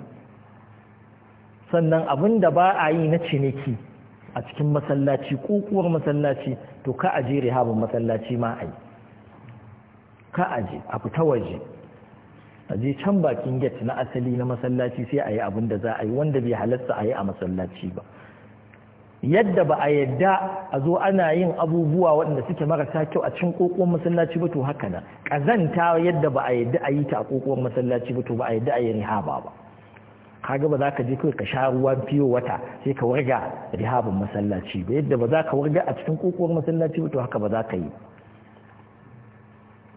sannan abin da ba a yi na ciniki a cikin masallaci ko masallaci to ka a je rehabin masallaci ma a yi ka aje a fita waje a je can bakin get na asali na masallaci sai a yi abin da za a yi wanda bai halatta a yi a masallaci ba yadda ba a yadda a zo ana yin abubuwa waɗanda suke marasa kyau a cikin ƙoƙon masallaci ba to haka na kazanta yadda ba a yadda a yi ta a kokon masallaci ba to ba a yadda a yi rihaba ba kaga ba za ka je kawai ka sha ruwan fiyo wata sai ka warga rihabin masallaci ba yadda ba za ka warga a cikin ƙoƙon masallaci ba to haka ba za ka yi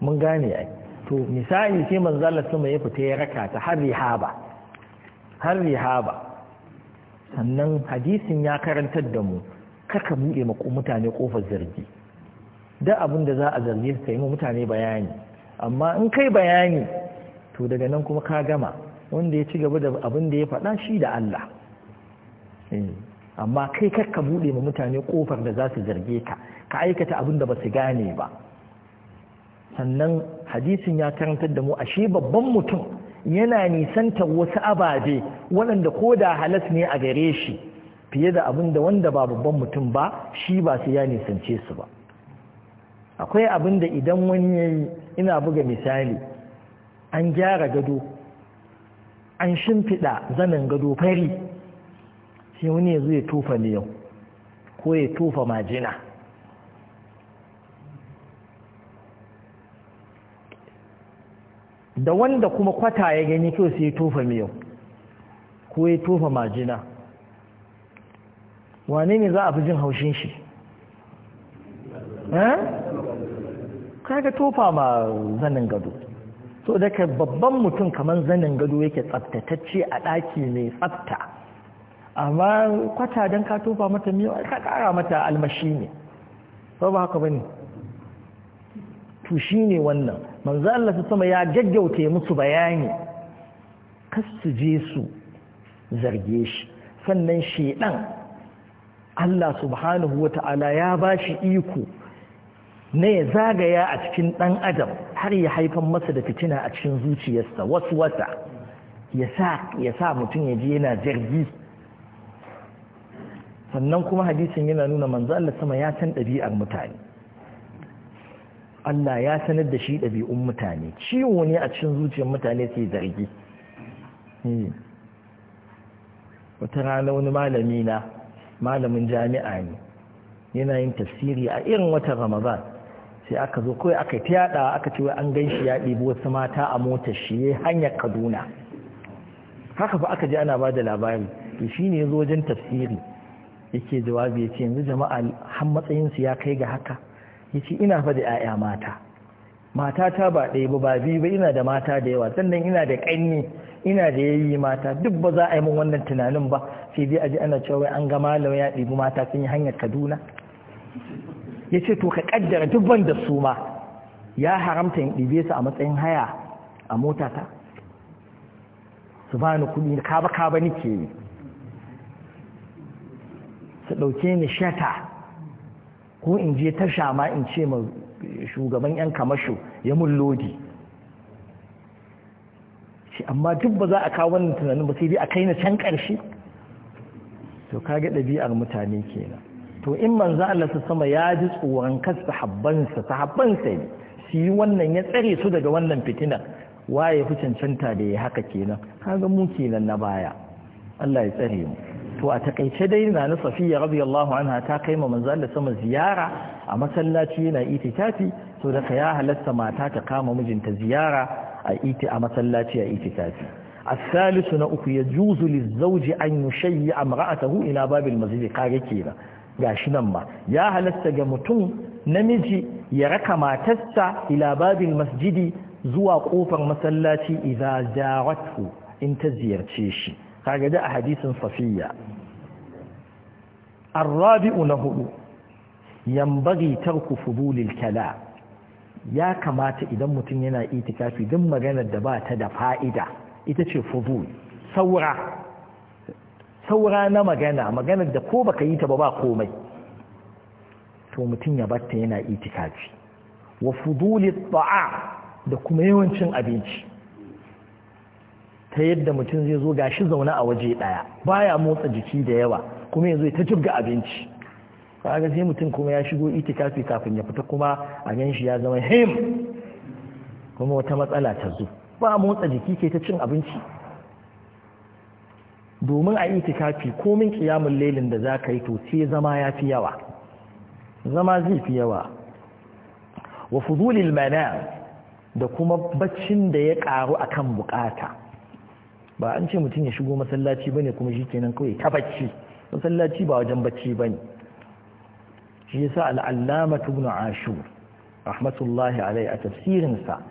mun gane ai to misali sai manzo sama ya fita ya raka ta har rihaba har rihaba sannan hadisin ya karantar da mu kaka buɗe mutane kofar zargi da abin da za a zargi sai yi mutane bayani amma in kai bayani to daga nan kuma ka gama wanda ya ci gaba da abin da ya faɗa shi da Allah eh, amma kai kakka buɗe ma mutane kofar da za su zarge ka ka aikata abin da ba su gane ba sannan hadisin ya karantar da mu a shi babban mutum yana nisantar wasu ababe waɗanda ko da halas ne a gare shi fiye da abin da wanda ba babban mutum ba shi ba su ya nisance su ba akwai abin da idan wani ya yi ina buga misali an gyara gado an shimfiɗa zanen gado fari sai wani ya zo ya tofa miyau ko ya tufa majina da wanda kuma kwata ya gani kyau sai ya tofa miyau ko ya tofa majina wane ne za a fi jin haushin shi eh? ga tofa ma zanin gado so ka babban mutum kamar zanin gado yake tsaftatacce a ɗaki mai tsafta amma kwata don ka tofa mata miyau ka kara mata almashi ne ba haka ba ne to ne wannan manzo Allah su sama ya gaggauta musu bayani kasu su je su zarge shi sannan shedan Allah subhanahu wata'ala ya bashi iko ne ya zagaya a cikin dan adam har ya haifan masa da fitina a cikin zuciyarsa wasu wata ya sa ya sa mutum ya je yana zargi sannan kuma hadisin yana nuna manzo Allah sama ya san ɗabi'ar mutane Allah ya sanar da shi ɗabi'un mutane ciwo ne a cikin zuciyar mutane sai zargi hmm. wata rana wani malami na malamin jami'a ne yana yin tafsiri a irin watan ramadan sai aka zo kawai aka ta yada aka ce an gan shi ya ɗibi wasu mata a motar shi ya hanyar kaduna haka fa aka ji ana ba da labari to shi ne zo wajen tafsiri yake jawabi ya ce yanzu jama'a har matsayinsu ya kai ga haka yace ina fa da 'ya'ya mata matata ba ɗaya ba ba biyu ba ina da mata da yawa sannan ina da ƙanni ina da yayi mata duk ba za a yi min wannan tunanin ba sai dai aji ana cewa an ga malam ya ɗibi mata sun yi hanyar Kaduna yace to ka kaddara duk ban da su ma ya haramta in ɗibe su a matsayin haya a motata su bani kuɗi kaba kaba nake yi su ɗauke ni shata ko in je tasha ma in ce ma shugaban 'yan kamasho ya mun lodi shi amma duk ba za a kawo wannan tunanin ba sai dai a kai na can ƙarshe to kage ɗabi'ar mutane kenan to in manzo Allah sa sama ya ji tsoron kasta sa ta ne su yi wannan ya tsare su daga wannan fitina waye fi cancanta da ya haka kenan kaga mu kenan na baya Allah ya tsare mu to a takaice dai na na safiya radiyallahu anha ta kai ma manzo sama ziyara a masallaci yana itikafi to da ya halatta mata ta kama mijinta ziyara a iti a masallaci a itikafi الثالث نأكو يجوز للزوج أن يشيع امرأته إلى باب المسجد قاري كينا gashi nan ma ya halatta ga mutum namiji ya raka matarsa ila babin masjidi zuwa kofar masallaci idza jaratu in ta ziyarce shi kaga da a hadisin safiya arrabi'u na hudu yambagi tarku fudulil kala ya kamata idan mutum yana itikafi duk maganar da ba ta da fa'ida ita ce fudul saura saura na magana maganar da ko baka yi ta ba ba komai to mutum ya batta yana itikafi wa fudulil ta'a da kuma yawancin abinci ta yadda mutum zai zo gashi zaune a waje ɗaya baya motsa jiki da yawa kuma yanzu ta jibga abinci kaga sai mutum kuma ya shigo itikafi kafin ya fita kuma a gan shi ya zama him kuma wata matsala ta zo ba motsa jiki ke ta cin abinci domin a itikafi komin kiyamun lelin da za ka yi to sai zama ya fi yawa zama zai fi yawa wa fudulil mana da kuma baccin da ya karu akan bukata ba an ce mutum ya shigo masallaci bane kuma shi kenan kawai ta bacci masallaci ba wajen bacci bane shi yasa al'allama ibn ashur rahmatullahi alai a tafsirinsa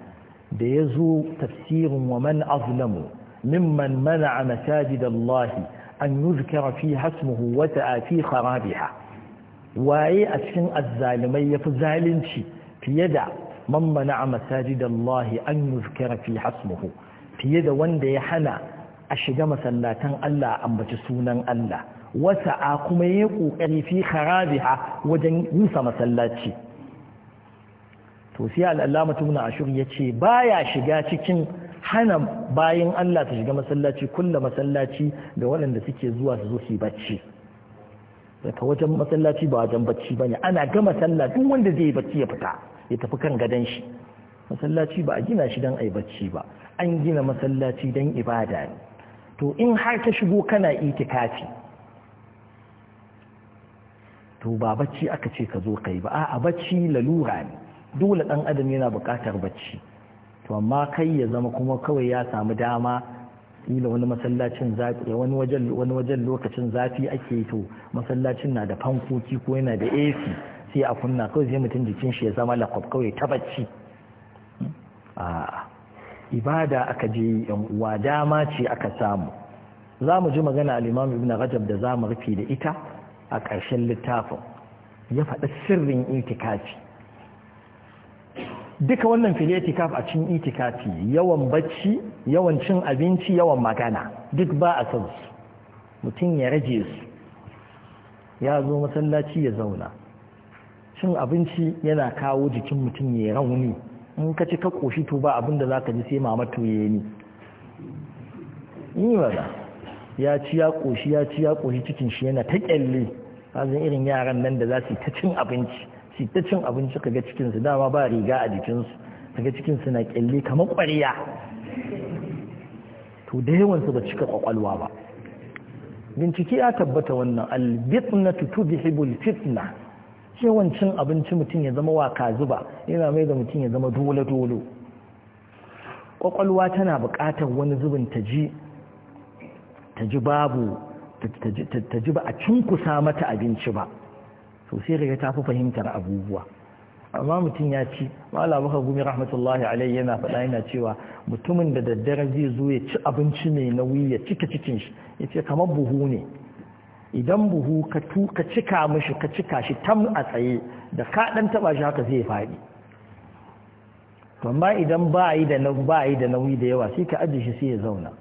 da ya zo tafsirin wa man azlamu mimman mana'a masajid an yuzkara fi hasmuhu wa ta'afi kharabiha waye a cikin azzalimai yafi zalunci fiye da man mana'a masajidallahi Allah an yuzkara fi hasmuhu fiye da wanda ya hana a shiga masallatan Allah a ambaci sunan Allah wasa a kuma ya ƙoƙari fi harabiha wajen rusa masallaci to sai al-allama ya ashur ba ya shiga cikin hana bayan Allah ta shiga masallaci kulla masallaci da waɗanda suke zuwa su zo su bacci daga wajen masallaci ba wajen bacci ba ne. ana ga masallaci wanda zai bacci ya fita ya tafi kan gadon shi masallaci ba a gina shi don ai bacci ba an gina masallaci don ibada ne to in har ta shigo kana itikafi to ba bacci aka ce ka zo kai ba a bacci lalura ne dole ɗan adam yana buƙatar bacci to amma kai ya zama kuma kawai ya samu dama ila wani masallacin zafi wani wajen wani wajen lokacin zafi ake to masallacin na da fankoki ko yana da AC sai a kunna kawai sai mutum jikin shi ya zama lakwab kawai ta bacci a'a ibada aka je yan uwa dama ce aka samu za mu ji magana al-imam ibn rajab da za mu rufe da ita a ƙarshen littafin ya faɗi sirrin itikafi duka wannan fili itikaf a cin itikafi yawan bacci yawan cin abinci yawan magana duk ba a san su mutum ya rage su ya zo masallaci ya zauna cin abinci yana kawo jikin mutum ya rauni in ka ci ka koshi to ba abinda za ka ji sai mama tuye ni yi ba ya ci ya koshi ya ci ya koshi cikin shi yana ta kyalle hazin irin yaran nan da za su ta cin abinci su ta cin abinci kaga ga cikinsu, dama ba riga a jikinsu kaga ga cikinsu na kyalle kamar ƙwariya to da yawansu ba cika kwakwalwa ba bincike ya tabbata wannan albitna tudhibul fitna cin abinci mutum ya zama waka zuba yana mai da mutum ya zama dole-dole kwakwalwa tana bukatar wani zubin ta ji babu ta ba a cinkusa mata abinci ba Sosai sai ga ta fi fahimtar abubuwa amma mutum ya ci mala baka gumi rahmatullahi alai yana faɗa yana cewa mutumin da daddare zai zo ya ci abinci mai nauyi ya cika cikin shi ya ce kamar buhu ne idan buhu ka tuka cika mishi ka cika shi tam a tsaye da ka dan taba shi haka zai faɗi amma idan ba yi da nauyi ba yi da nauyi da yawa sai ka ajiye shi sai ya zauna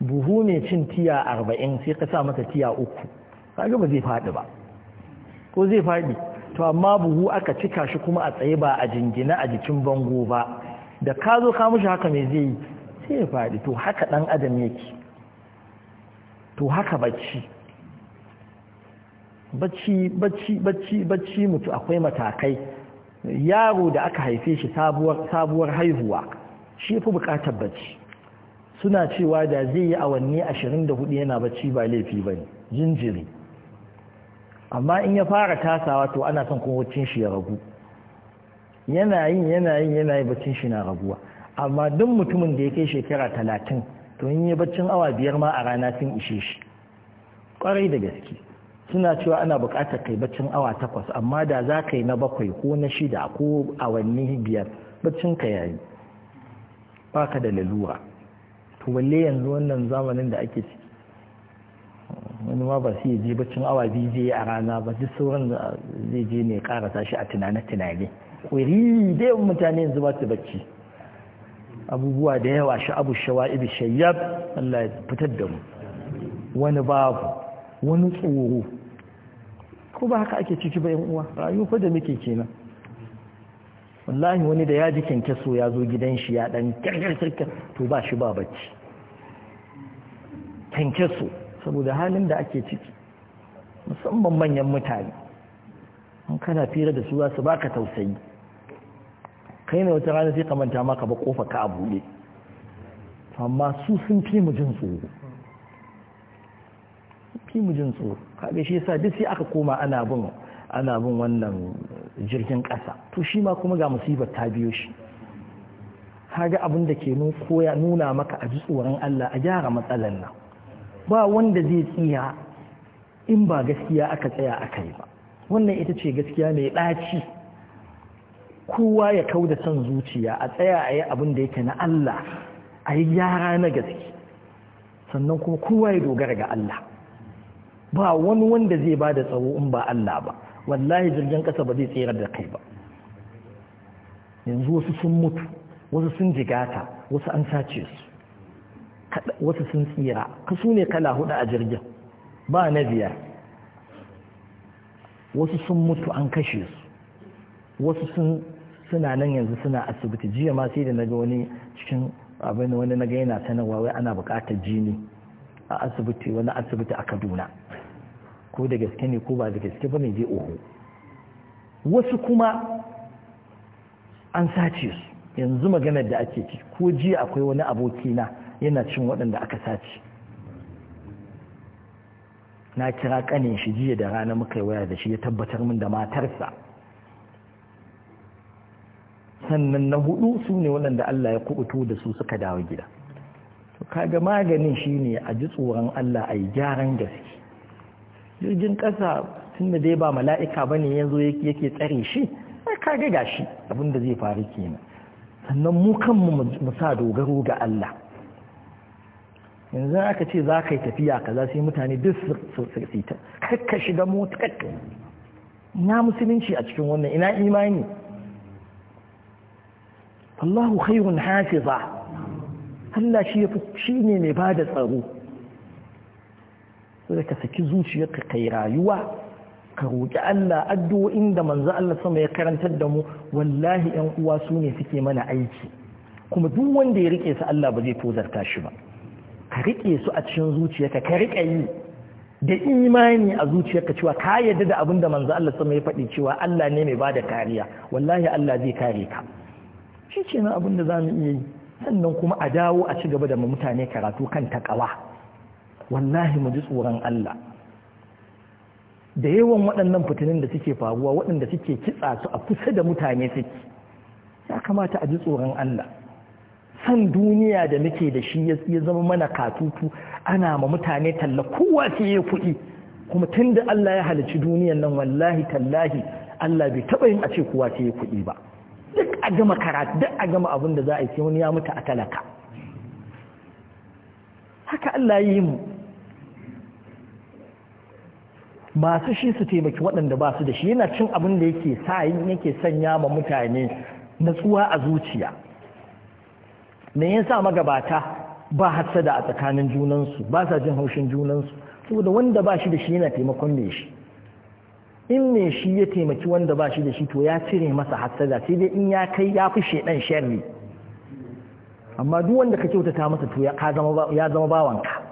buhu ne cin tiya arba'in sai ka sa masa tiya uku kaga ba zai faɗi ba ko zai faɗi to amma buhu aka cika shi kuma a tsaye ba a jingina a jikin bango ba da ka zo ka mishi haka me zai yi sai ya faɗi to haka ɗan adam yake to haka bacci bacci bacci bacci bacci mutu akwai matakai yaro da aka haife shi sabuwar haihuwa shi fi bukatar bacci suna cewa da zai yi awanni 24 yana bacci ba laifi ba ne jinjiri amma in ya fara tasawa to ana son kuma baccin shi ya ragu yana yin yana yin yana yin baccin shi na raguwa amma duk mutumin da ya kai shekara talatin to in yi baccin awa biyar ma a rana sun ishe shi kwarai da gaske suna cewa ana buƙatar kai baccin awa takwas amma da za ka yi na bakwai ko na shida ko awanni biyar baccin ka yayi ba ka da lalura to walle yanzu wannan zamanin da ake ciki wani ma ba su je baccin awa biyu je a rana ba duk sauran zai je ne karasa shi a tunane-tunane ƙuri dai mutane yanzu ba su bacci abubuwa da yawa sha'abu shawa'ib shayyab Allah ya fitar da mu wani babu wani tsoro ko ba haka ake ciki ba yan uwa rayuwa da muke kenan wallahi wani da ya ji kyankyaso ya zo gidan shi ya dan kyarkyarkyar to ba shi ba bacci kyankyaso saboda halin da ake ciki musamman manyan mutane an kana fira da su za su baka tausayi kai ne wata rana sai ka manta maka ba kofa ka a buɗe amma su sun fi mu jin tsoro fi mu jin tsoro kaga shi yasa duk sai aka koma ana bin ana bin wannan jirgin ƙasa to shi ma kuma ga musibar ta biyo shi kaga abin da ke koya nuna maka a ji tsoron Allah a gyara matsalar nan ba wanda zai tsiya in ba gaskiya aka tsaya aka yi ba wannan ita ce gaskiya mai ɗaci kowa ya kau da son zuciya a tsaya a yi abin da yake na Allah a yi yara na gaske sannan kuma kowa ya dogara ga Allah ba wani wanda zai ba da tsawo in ba Allah ba wallahi jirgin ƙasa ba zai tsira da kai ba yanzu wasu sun mutu wasu sun jigata wasu an sace su wasu sun tsira kasu ne kala hudu a jirgin ba na biyar wasu sun mutu an kashe su wasu sun suna nan yanzu suna asibiti jiya ma sai da na ga wani cikin abin wani na ga yana sanarwa wai ana buƙatar jini a asibiti wani asibiti a kaduna ko da gaske ne ko ba da gaske ba mai je oho wasu kuma an sace su yanzu maganar da ake ci ko jiya akwai wani abokina yana cin waɗanda aka sace na kira ƙanin shi jiya da rana muka yi waya da shi ya tabbatar min da matarsa sannan na hudu su ne waɗanda Allah ya kubuto da su suka dawo gida kaga maganin shi ne a ji tsoron Allah a yi gyaran gaske jirgin ƙasa tun da dai ba mala'ika ba ne yanzu yake tsare shi kaga gashi abinda zai faru kenan sannan mu kanmu mu sa dogaro ga Allah yanzu aka ce za ka yi tafiya kaza sai mutane duk su kakka shiga mota musulunci a cikin wannan ina imani Allahu khairun hafiza Allah shi shi ne mai bada tsaro sai ka saki zuciyarka kai rayuwa ka roƙi Allah addu'o'in da manzo Allah sama ya karantar da mu wallahi ƴan uwa su ne suke mana aiki kuma duk wanda ya rike su Allah ba zai tozarta shi ba ka rike su a cikin zuciyarka ka rike yi da imani a zuciyarka cewa ka yarda da abin da manzo Allah sama ya faɗi cewa Allah ne mai bada kariya wallahi Allah zai kare ka shi ce na abin da za mu iya yi sannan kuma a dawo a ci gaba da mutane karatu kan takawa wallahi mu ji tsoron Allah da yawan waɗannan fitinin da suke faruwa waɗanda suke kitsa su a kusa da mutane suke ya kamata a ji tsoron Allah san duniya da muke da shi ya zama mana katutu ana ma mutane talla kowa sai ya kuɗi kuma tun da Allah ya halicci duniyan nan wallahi tallahi Allah bai taɓa yin a ce kowa sai ya kuɗi ba duk a gama karatu duk a gama abin da za a yi wani ya mutu a talaka haka Allah yi mu masu shi su taimaki waɗanda ba su da shi yana cin abin da yake yake sanya ma mutane natsuwa a zuciya me yasa magabata ba hassada a tsakanin junansu ba sa jin haushin junansu saboda wanda ba shi da shi yana taimakon mai shi in ne shi ya taimaki wanda ba shi da shi to ya cire masa hassada sai dai in ya kai ya fi shedan sharri amma duk wanda ka kyautata masa to ya zama bawanka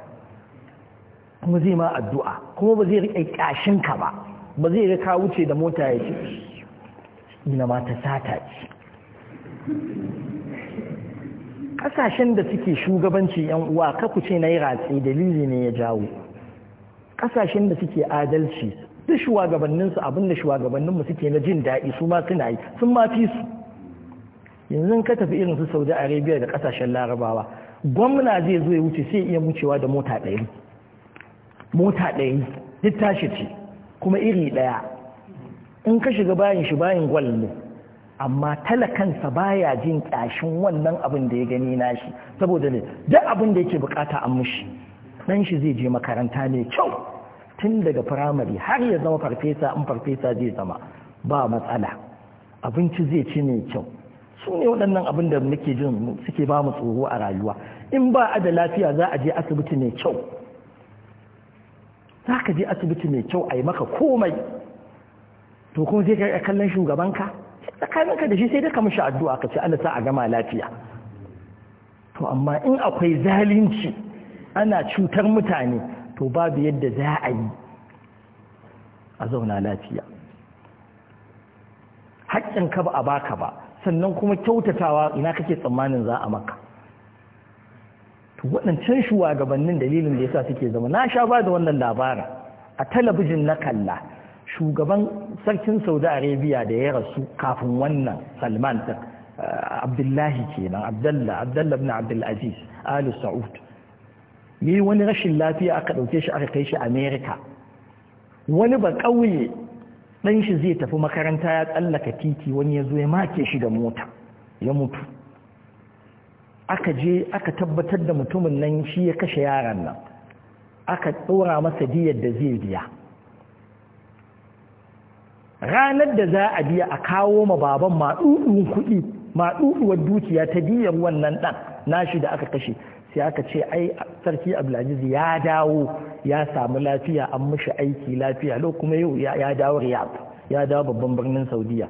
kuma zai ma addu'a kuma ba zai kashin ka ba ba zai riƙa wuce da mota ya ce ina ma ta sata ce ƙasashen da suke shugabanci ‘yan uwa kaku ce na yi ratsi dalili ne ya jawo ƙasashen da suke adalci duk shugabanninsu abin da shugabanninmu suke na jin daɗi su ma suna yi sun ma fi su yanzu ka tafi irin su saudi arabia da ƙasashen larabawa gwamna zai zo ya wuce sai iya wucewa da mota ɗaya. mota ɗaya, duk tashi ce kuma iri ɗaya in ka shiga bayin shi bayin gwal ne amma talakansa baya jin ƙyashin wannan abin da ya gani nashi saboda ne duk abin da yake bukata an mushi dan shi zai je makaranta ne kyau tun daga firamare har ya zama farfesa in farfesa zai zama ba matsala abinci zai ci mai kyau su ne waɗannan abin da muke jin suke ba mu tsoro a rayuwa in ba a da lafiya za a je asibiti mai kyau za ka je asibiti mai kyau a yi maka komai to kuma zai ka kallon shugabanka tsakaninka da shi sai daka mishi addu'a ka ce Allah sa a gama lafiya to amma in akwai zalunci ana cutar mutane to babu yadda za a yi a zauna lafiya ka ba a baka ba sannan kuma kyautatawa ina kake tsammanin za a maka to waɗancan shugabannin dalilin da yasa suke zama na sha ba da wannan labarin a talabijin na kalla shugaban sarkin saudi arabia da ya rasu kafin wannan salman abdullahi kenan abdallah abdullahi ibn abdulaziz ali sa'ud yi wani rashin lafiya aka ɗauke shi aka kai shi amerika wani ba ƙauye ɗan shi zai tafi makaranta ya tsallaka titi wani ya zo ya make shi da mota ya mutu aka je aka tabbatar da mutumin nan shi ya kashe yaran nan aka tsora masa diyar da zai biya ranar da za a biya a kawo ma baban kuɗi maɗuɗuwar dukiya ta diyar wannan ɗan nashi da aka kashe sai aka ce ai sarki abdulaziz ya dawo ya samu lafiya an mishi aiki lafiya lo kuma yau ya dawo riyad ya dawo babban birnin saudiya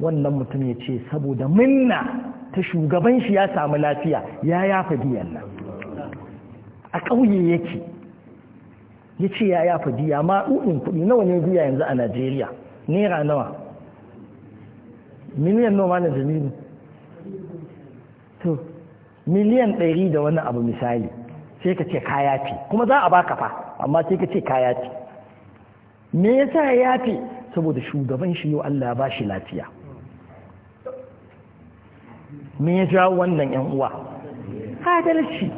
wannan mutum ya ce saboda minna ta shugaban shi ya samu lafiya ya yafa diyan nan a ƙauye yake ya ce ya yafa diya ma ɗuɗin kuɗi nawa ne biya yanzu a najeriya naira nawa miliyan nawa na jamilu miliyan ɗari da wani abu misali sai ka ce kaya fi kuma za a baka fa amma sai ka ce kaya fi me yasa ya fi saboda shugaban shi yau Allah ba shi lafiya me ya jawo wannan yan uwa adalci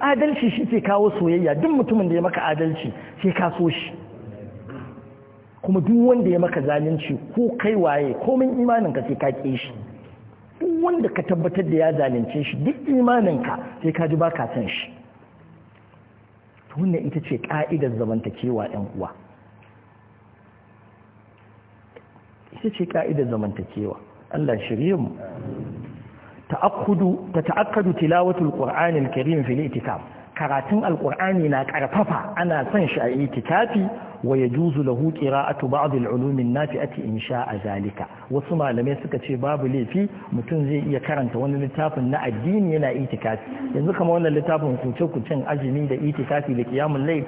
adalci shi ke kawo soyayya duk mutumin da ya maka adalci sai ka so shi kuma duk wanda ya maka zalunci ko kai waye komin imanin ka sai ka ke shi wanda ka tabbatar da ya zalunce shi duk imaninka sai ka ji baka san shi wannan ita ce ka'idar zamantakewa ɗan uwa ita ce ka'idar zamantakewa Allah shirye mu ta'akkudu ta ta'akkadu tilawatul qur'anil karim fil itikaf karatun alqur'ani na karfafa ana son shi a itikafi ويجوز له قراءة بعض العلوم النافئة إن شاء ذلك وسمع لم يسكت باب لي في متنزي يكرن تون لتاف نا الدين ينا إيتكاف ينزل كما وانا لتاف كنتو كنتن أجني دا إيتكاف لقيام الليل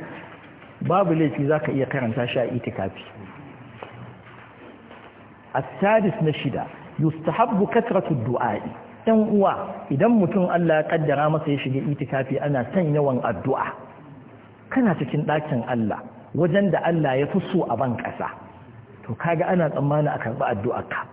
باب لي في ذاك يكرن تاشا إيتكاف السادس نشدة يستحب كثرة الدعاء ɗan uwa idan mutum Allah ya kaddara masa ya shiga itikafi ana son yawan addu'a kana cikin ɗakin Allah wajen da Allah ya fi so a ban ƙasa to kaga ana tsammanin a karɓi addu'arka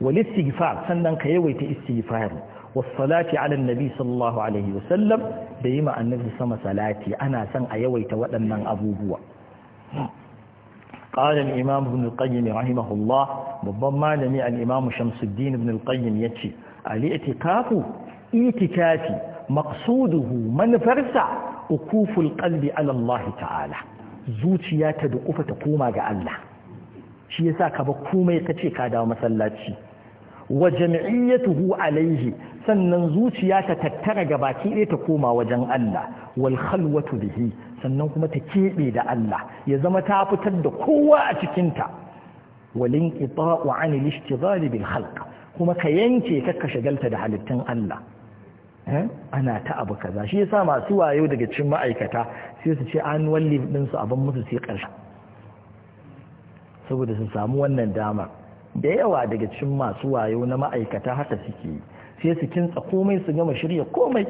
wal istighfar sannan ka yawaita istighfari was salati ala annabi sallallahu alaihi wa da yi ma annabi sama salati ana son a yawaita waɗannan abubuwa قال الإمام ابن القيم رحمه الله ببما لمي الإمام شمس الدين ابن القيم يتشي الاعتكاف اعتكافي مقصوده من فرسع أكوف القلب على الله تعالى zuciya ta dukufa ta koma ga Allah shi yasa ka ba komai ka ce ka dawo masallaci wa jam'iyyatuhu alaihi sannan zuciya ta tattara ga baki ɗaya ta koma wajen Allah wal khalwatu bihi sannan kuma ta keɓe da Allah ya zama ta fitar da kowa a cikinta walin qita'u an al-ishtighal bil khalq kuma ka yanke ka shagalta da halittun Allah Eh? ana ta abu kaza shi yasa masu wayo daga cikin ma'aikata sai su ce an walli din su abin musu sai karshe saboda su samu wannan damar da yawa daga cikin masu wayo na ma'aikata haka suke sai su kintsa komai su gama shirya komai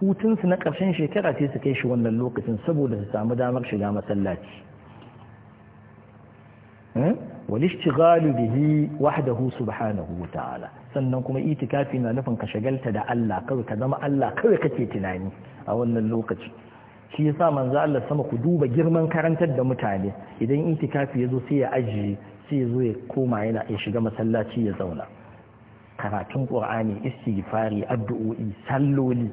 hutun su na karshen shekara sai su kai shi wannan lokacin saboda su samu damar shiga masallaci eh? wal ishtighalu bihi wahdahu subhanahu wa ta'ala sannan kuma itikafi na nufin ka shagalta da Allah kawai ka zama Allah kawai kake tunani a wannan lokaci shi yasa manzo Allah sama ku duba girman karantar da mutane idan itikafi yazo sai ya ajiye sai yazo ya koma yana ya shiga masallaci ya zauna karatun qur'ani istighfari addu'o'i salloli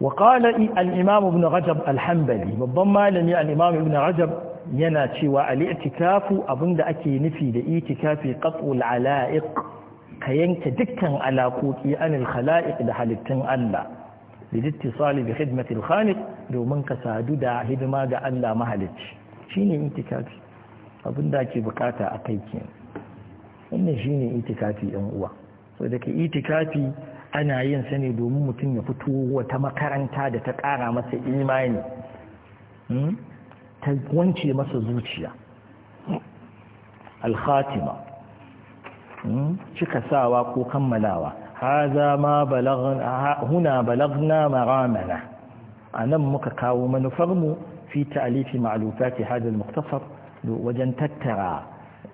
وقال الإمام ابن رجب الحنبلي بالضمة لم الإمام ابن رجب يناتي والاعتكاف أظن أكي نفي لإعتكاف قطع العلائق كينك دكا على قوتي أن الخلائق لحلتن ألا للاتصال بخدمة الخالق لو منك سادودا هدما دا ألا مهلتش شيني اعتكافي أظن أكي بقاتا أقيكين إن شيني اعتكافي أموا فذلك اعتكافي ana yin sa ne domin mutum ya fito wata makaranta da ta ƙara masa imani hmm? ta wance masa zuciya alkhatima hmm? cika sawa ko kammalawa haza ma huna balagna maramana a nan muka kawo manufarmu fi ta'alifi ma'alufati hadal muktasar wajen tattara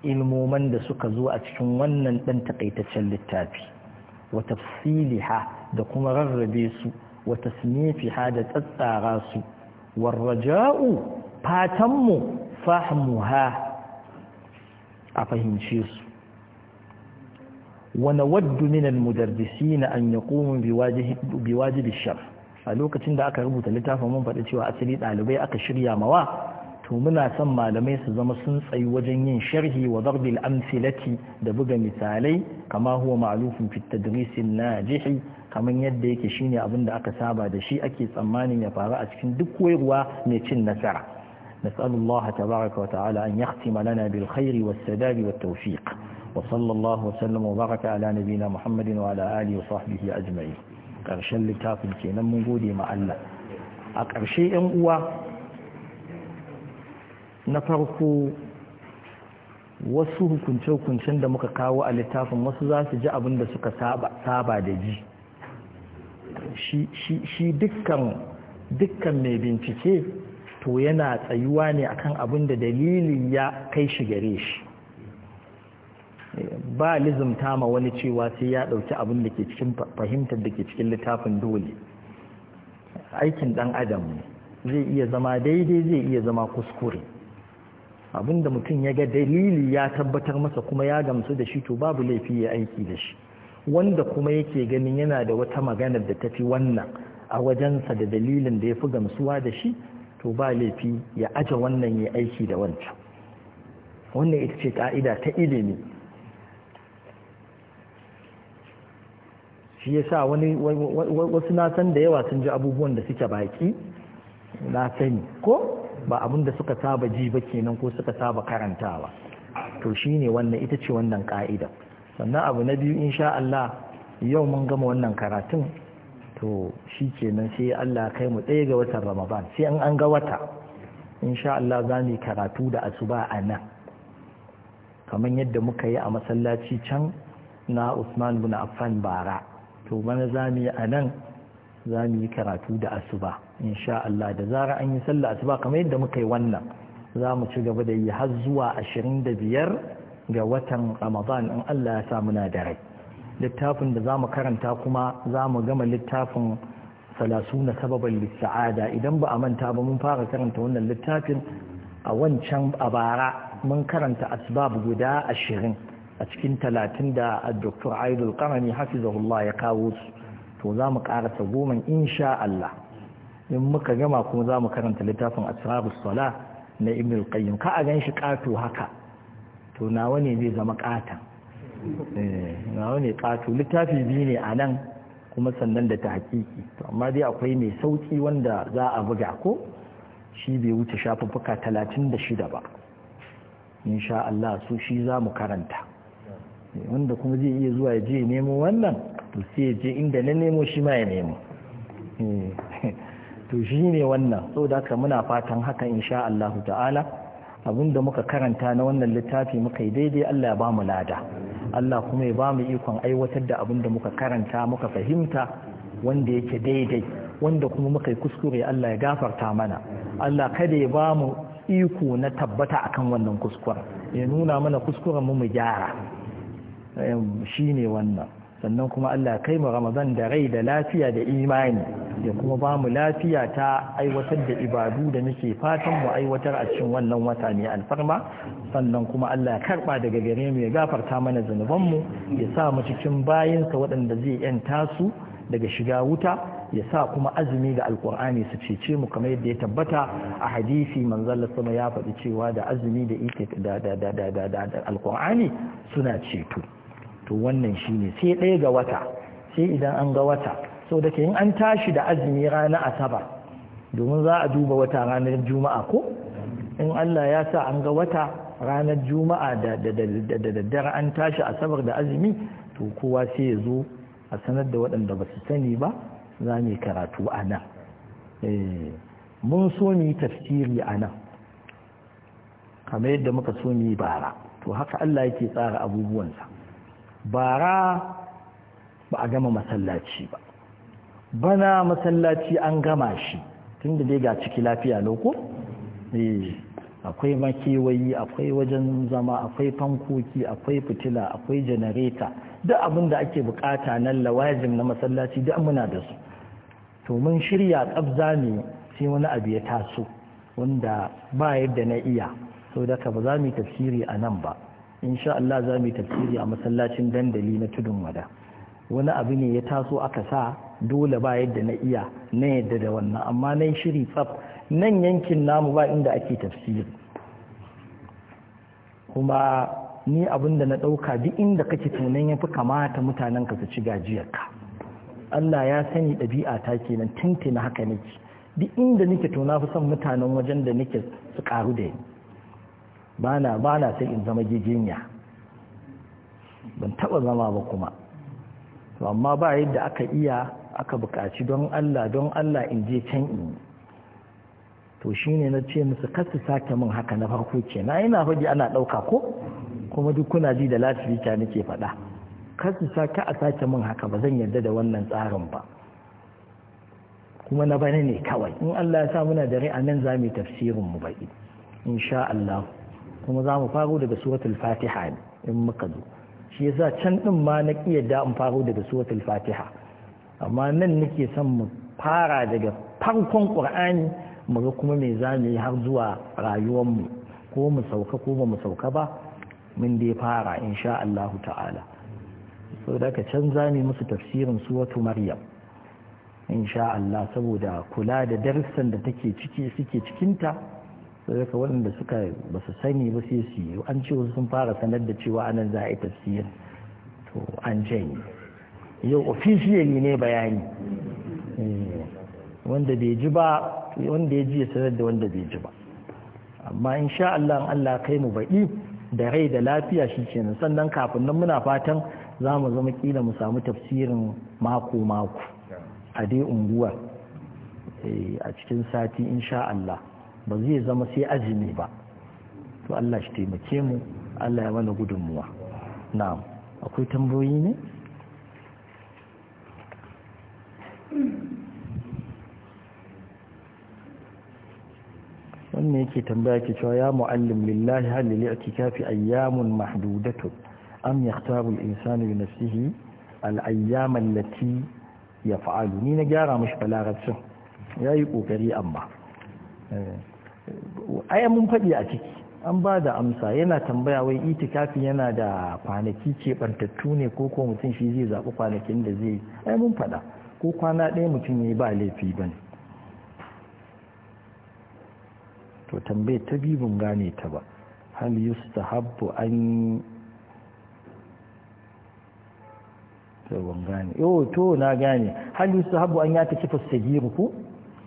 ilmoman da suka zo a cikin wannan ɗan takaitaccen littafi wa tafsiliha da kuma rarrabe su wa tasnifiha da tsatsara su warraja'u fatanmu fahmuha a fahimce su wani waddu minal mudarrisi na an ya komin biwaji bishar a lokacin da aka rubuta littafin mun faɗi cewa asali ɗalibai aka shirya mawa to muna son malamai su zama sun tsayi wajen yin sharhi wa darbil amsilati da buga misalai kama huwa ma'alufin fi tadrisin najihi kaman yadda yake shine abin da aka saba da shi ake tsammanin ya faru a cikin duk koyarwa mai cin nasara نسأل الله تبارك وتعالى أن يختم لنا بالخير والسداد والتوفيق وصلى الله وسلم وبارك على نبينا محمد وعلى آله وصحبه أجمعين littafin kenan mun gode ma Allah a ƙarshe 'yan uwa na farko wasu hukunce-hukuncen da muka kawo a littafin wasu za su ji abin da suka saba da ji shi dukkan mai bincike to yana tsayuwa ne akan abin da dalilin ya kai shi gare shi ba lizumta ma wani cewa sai ya ɗauki abin da ke cikin fahimtar da ke cikin littafin dole aikin ɗan adam ne zai iya zama daidai zai iya zama kuskure abinda mutum ya ga dalili ya tabbatar masa kuma ya gamsu da shi to babu laifi ya aiki da shi wanda kuma yake ganin yana da wata maganar da tafi wannan a wajensa da dalilin da ya fi gamsuwa da shi to ba laifi ya aje wannan ya aiki da wancan wannan ita ce ka'ida ta ilimi shi ya sa wasu nasan da yawa sun ji abubuwan da suke baki na sani ko ba abin da suka saba ji ba kenan ko suka saba karantawa to shine wannan ita ce wannan ka'ida sannan abu na biyu insha Allah yau mun gama wannan karatun to shi kenan sai Allah kai mu ɗaya ga watan Ramadan sai an an ga wata insha Allah za mu karatu da asuba a nan kamar yadda muka yi a masallaci can na Usman bin Affan bara to bana za mu yi a nan za mu yi karatu da asuba insha Allah da zara an yi sallah asuba kamar yadda muka yi wannan za mu ci gaba da yi har zuwa ashirin da biyar ga watan ramadan in Allah ya sa muna da rai littafin da za mu karanta kuma za mu gama littafin salasu na sababan lissa'ada idan ba a manta ba mun fara karanta wannan littafin a wancan a bara mun karanta asbab guda ashirin a cikin talatin da dr aidul karami hafizahullah ya kawo su to za mu ƙarasa goman insha Allah in muka gama kuma za mu karanta littafin asrarus sala na ibn al-qayyim ka a ganshi kato haka to nawa ne zai zama katan eh, nawa ne kato littafi biyu ne a nan kuma sannan da ta hakiki to amma dai akwai mai sauki wanda za a buga ko shi bai wuce shafuffuka shida ba insha Allah su shi za mu karanta eh, wanda kuma zai iya zuwa ya je nemo wannan to sai je inda na nemo shi ma ya nemo eh, to shi ne wannan so da muna fatan haka insha Allah ta'ala abinda muka karanta na wannan littafi muka yi daidai Allah ya ba mu lada Allah kuma ya ba mu ikon aiwatar da da muka karanta muka fahimta wanda yake daidai wanda kuma muka yi kuskure Allah ya gafarta mana Allah kada ya ba mu iko na tabbata akan wannan kuskure ya nuna mana kuskuren mu mu gyara eh, shi ne wannan sannan kuma Allah kai mu Ramadan da rai da lafiya da imani da kuma ba mu lafiya ta aiwatar da ibadu da muke fatan mu aiwatar a cikin wannan wata ne alfarma sannan kuma Allah ya karba daga gare mu ya gafarta mana zanuban mu ya sa mu cikin bayansa waɗanda zai yanta su daga shiga wuta ya sa kuma azumi da alkur'ani su cece mu kamar yadda ya tabbata a hadisi manzon sama ya faɗi cewa da azumi da da da da da alkur'ani suna ceto to wannan shi ne sai ɗaya ga wata sai idan an ga wata sau da yin an tashi da azumi rana asabar domin za a duba wata ranar juma'a ko in allah ya sa an ga wata ranar juma'a da daddare an tashi asabar da azumi to kowa sai ya zo a sanar da waɗanda ba su sani ba za mu karatu a nan eh, mun so mu yi tafsiri a nan kamar yadda muka so mu yi bara to haka allah yake tsara abubuwansa bara ba a gama masallaci ba bana masallaci an gama shi tun da dai ga ciki lafiya loko eh, akwai makewayi akwai wajen zama akwai fankoki akwai fitila akwai janareta duk abin da ake bukata nan lawajin na masallaci duk muna da su to mun shirya tsabza ne sai wani abu ya taso wanda ba yadda na iya sau da ka ba za mu yi tafsiri a nan ba sha Allah za mu yi tafsiri a masallacin dandali na tudun wada wani abu ne ya taso aka sa dole ba yadda na iya na yadda da wannan amma nan shiri tsaf nan yankin namu ba inda ake tafsiri kuma ni abin da na ɗauka duk inda kake tunan ya fi kamata mutanen ka su ci gajiyarka Allah ya sani ɗabi'a ta kenan tuntuna haka nake duk inda nake to na fi son mutanen wajen da nake su karu da ni Bana na sai in zama jijinya ban taba zama ba kuma amma ba yadda aka iya aka buƙaci don Allah don Allah in je can in to shine na ce musu kasu sake min haka na farko ke na ina faɗi ana ɗauka ko kuma duk kuna ji da latifita nake faɗa kasu sake a sake min haka ba zan yarda da wannan tsarin ba kuma na bane ne kawai in Allah ya sa muna da rai a nan za mu tafsirin mu baƙi insha Allah kuma za mu faru daga suratul fatiha ne in muka zo shi yasa can din ma na iya da in faro daga suratul fatiha amma nan nake son mu fara daga farkon qur'ani mu ga kuma me za mu yi har zuwa rayuwarmu ko mu sauka ko ba mu sauka ba mun dai fara insha Allah ta'ala saboda ka can za mu musu tafsirin suratu maryam insha Allah saboda kula da darussan da take ciki suke cikinta sai ka waɗanda suka ba su sani ba sai su yi an ce wasu sun fara sanar da cewa anan za a yi tafsir to an janye yau officially ne bayani eh, wanda bai ji ba wanda ya ji ya sanar da wanda bai ji ba amma in sha Allah Allah kai mu baki da rai da lafiya shi kenan sannan kafin nan muna fatan za mu zama kila mu samu tafsirin mako mako a dai unguwar eh, a cikin sati in Allah ba zai zama sai azumi ba to Allah shi taimake mu Allah ya mana gudunmuwa na'am akwai tambayoyi ne wannan yake tambaya ke cewa ya mu'allim lillahi hal lil i'tikafi ayyamun mahdudatu am yahtabu al-insanu li nafsihi al-ayyam allati yaf'alu ni na gyara mishi balagatin yayi kokari amma eh. aya mun faɗi a ciki an ba da amsa yana tambaya wai itikafi yana da kwanaki keɓantattu ne ko ko mutum shi zai zaɓi kwanakin da zai ai mun faɗa ko kwana ɗaya mutum ya yi ba laifi ba ne to tambayar ta biyu ban gane ta ba hal yustahabbu an to gane yau oh, to na gane hal yustahabbu an ya ta kifa sagiru ku?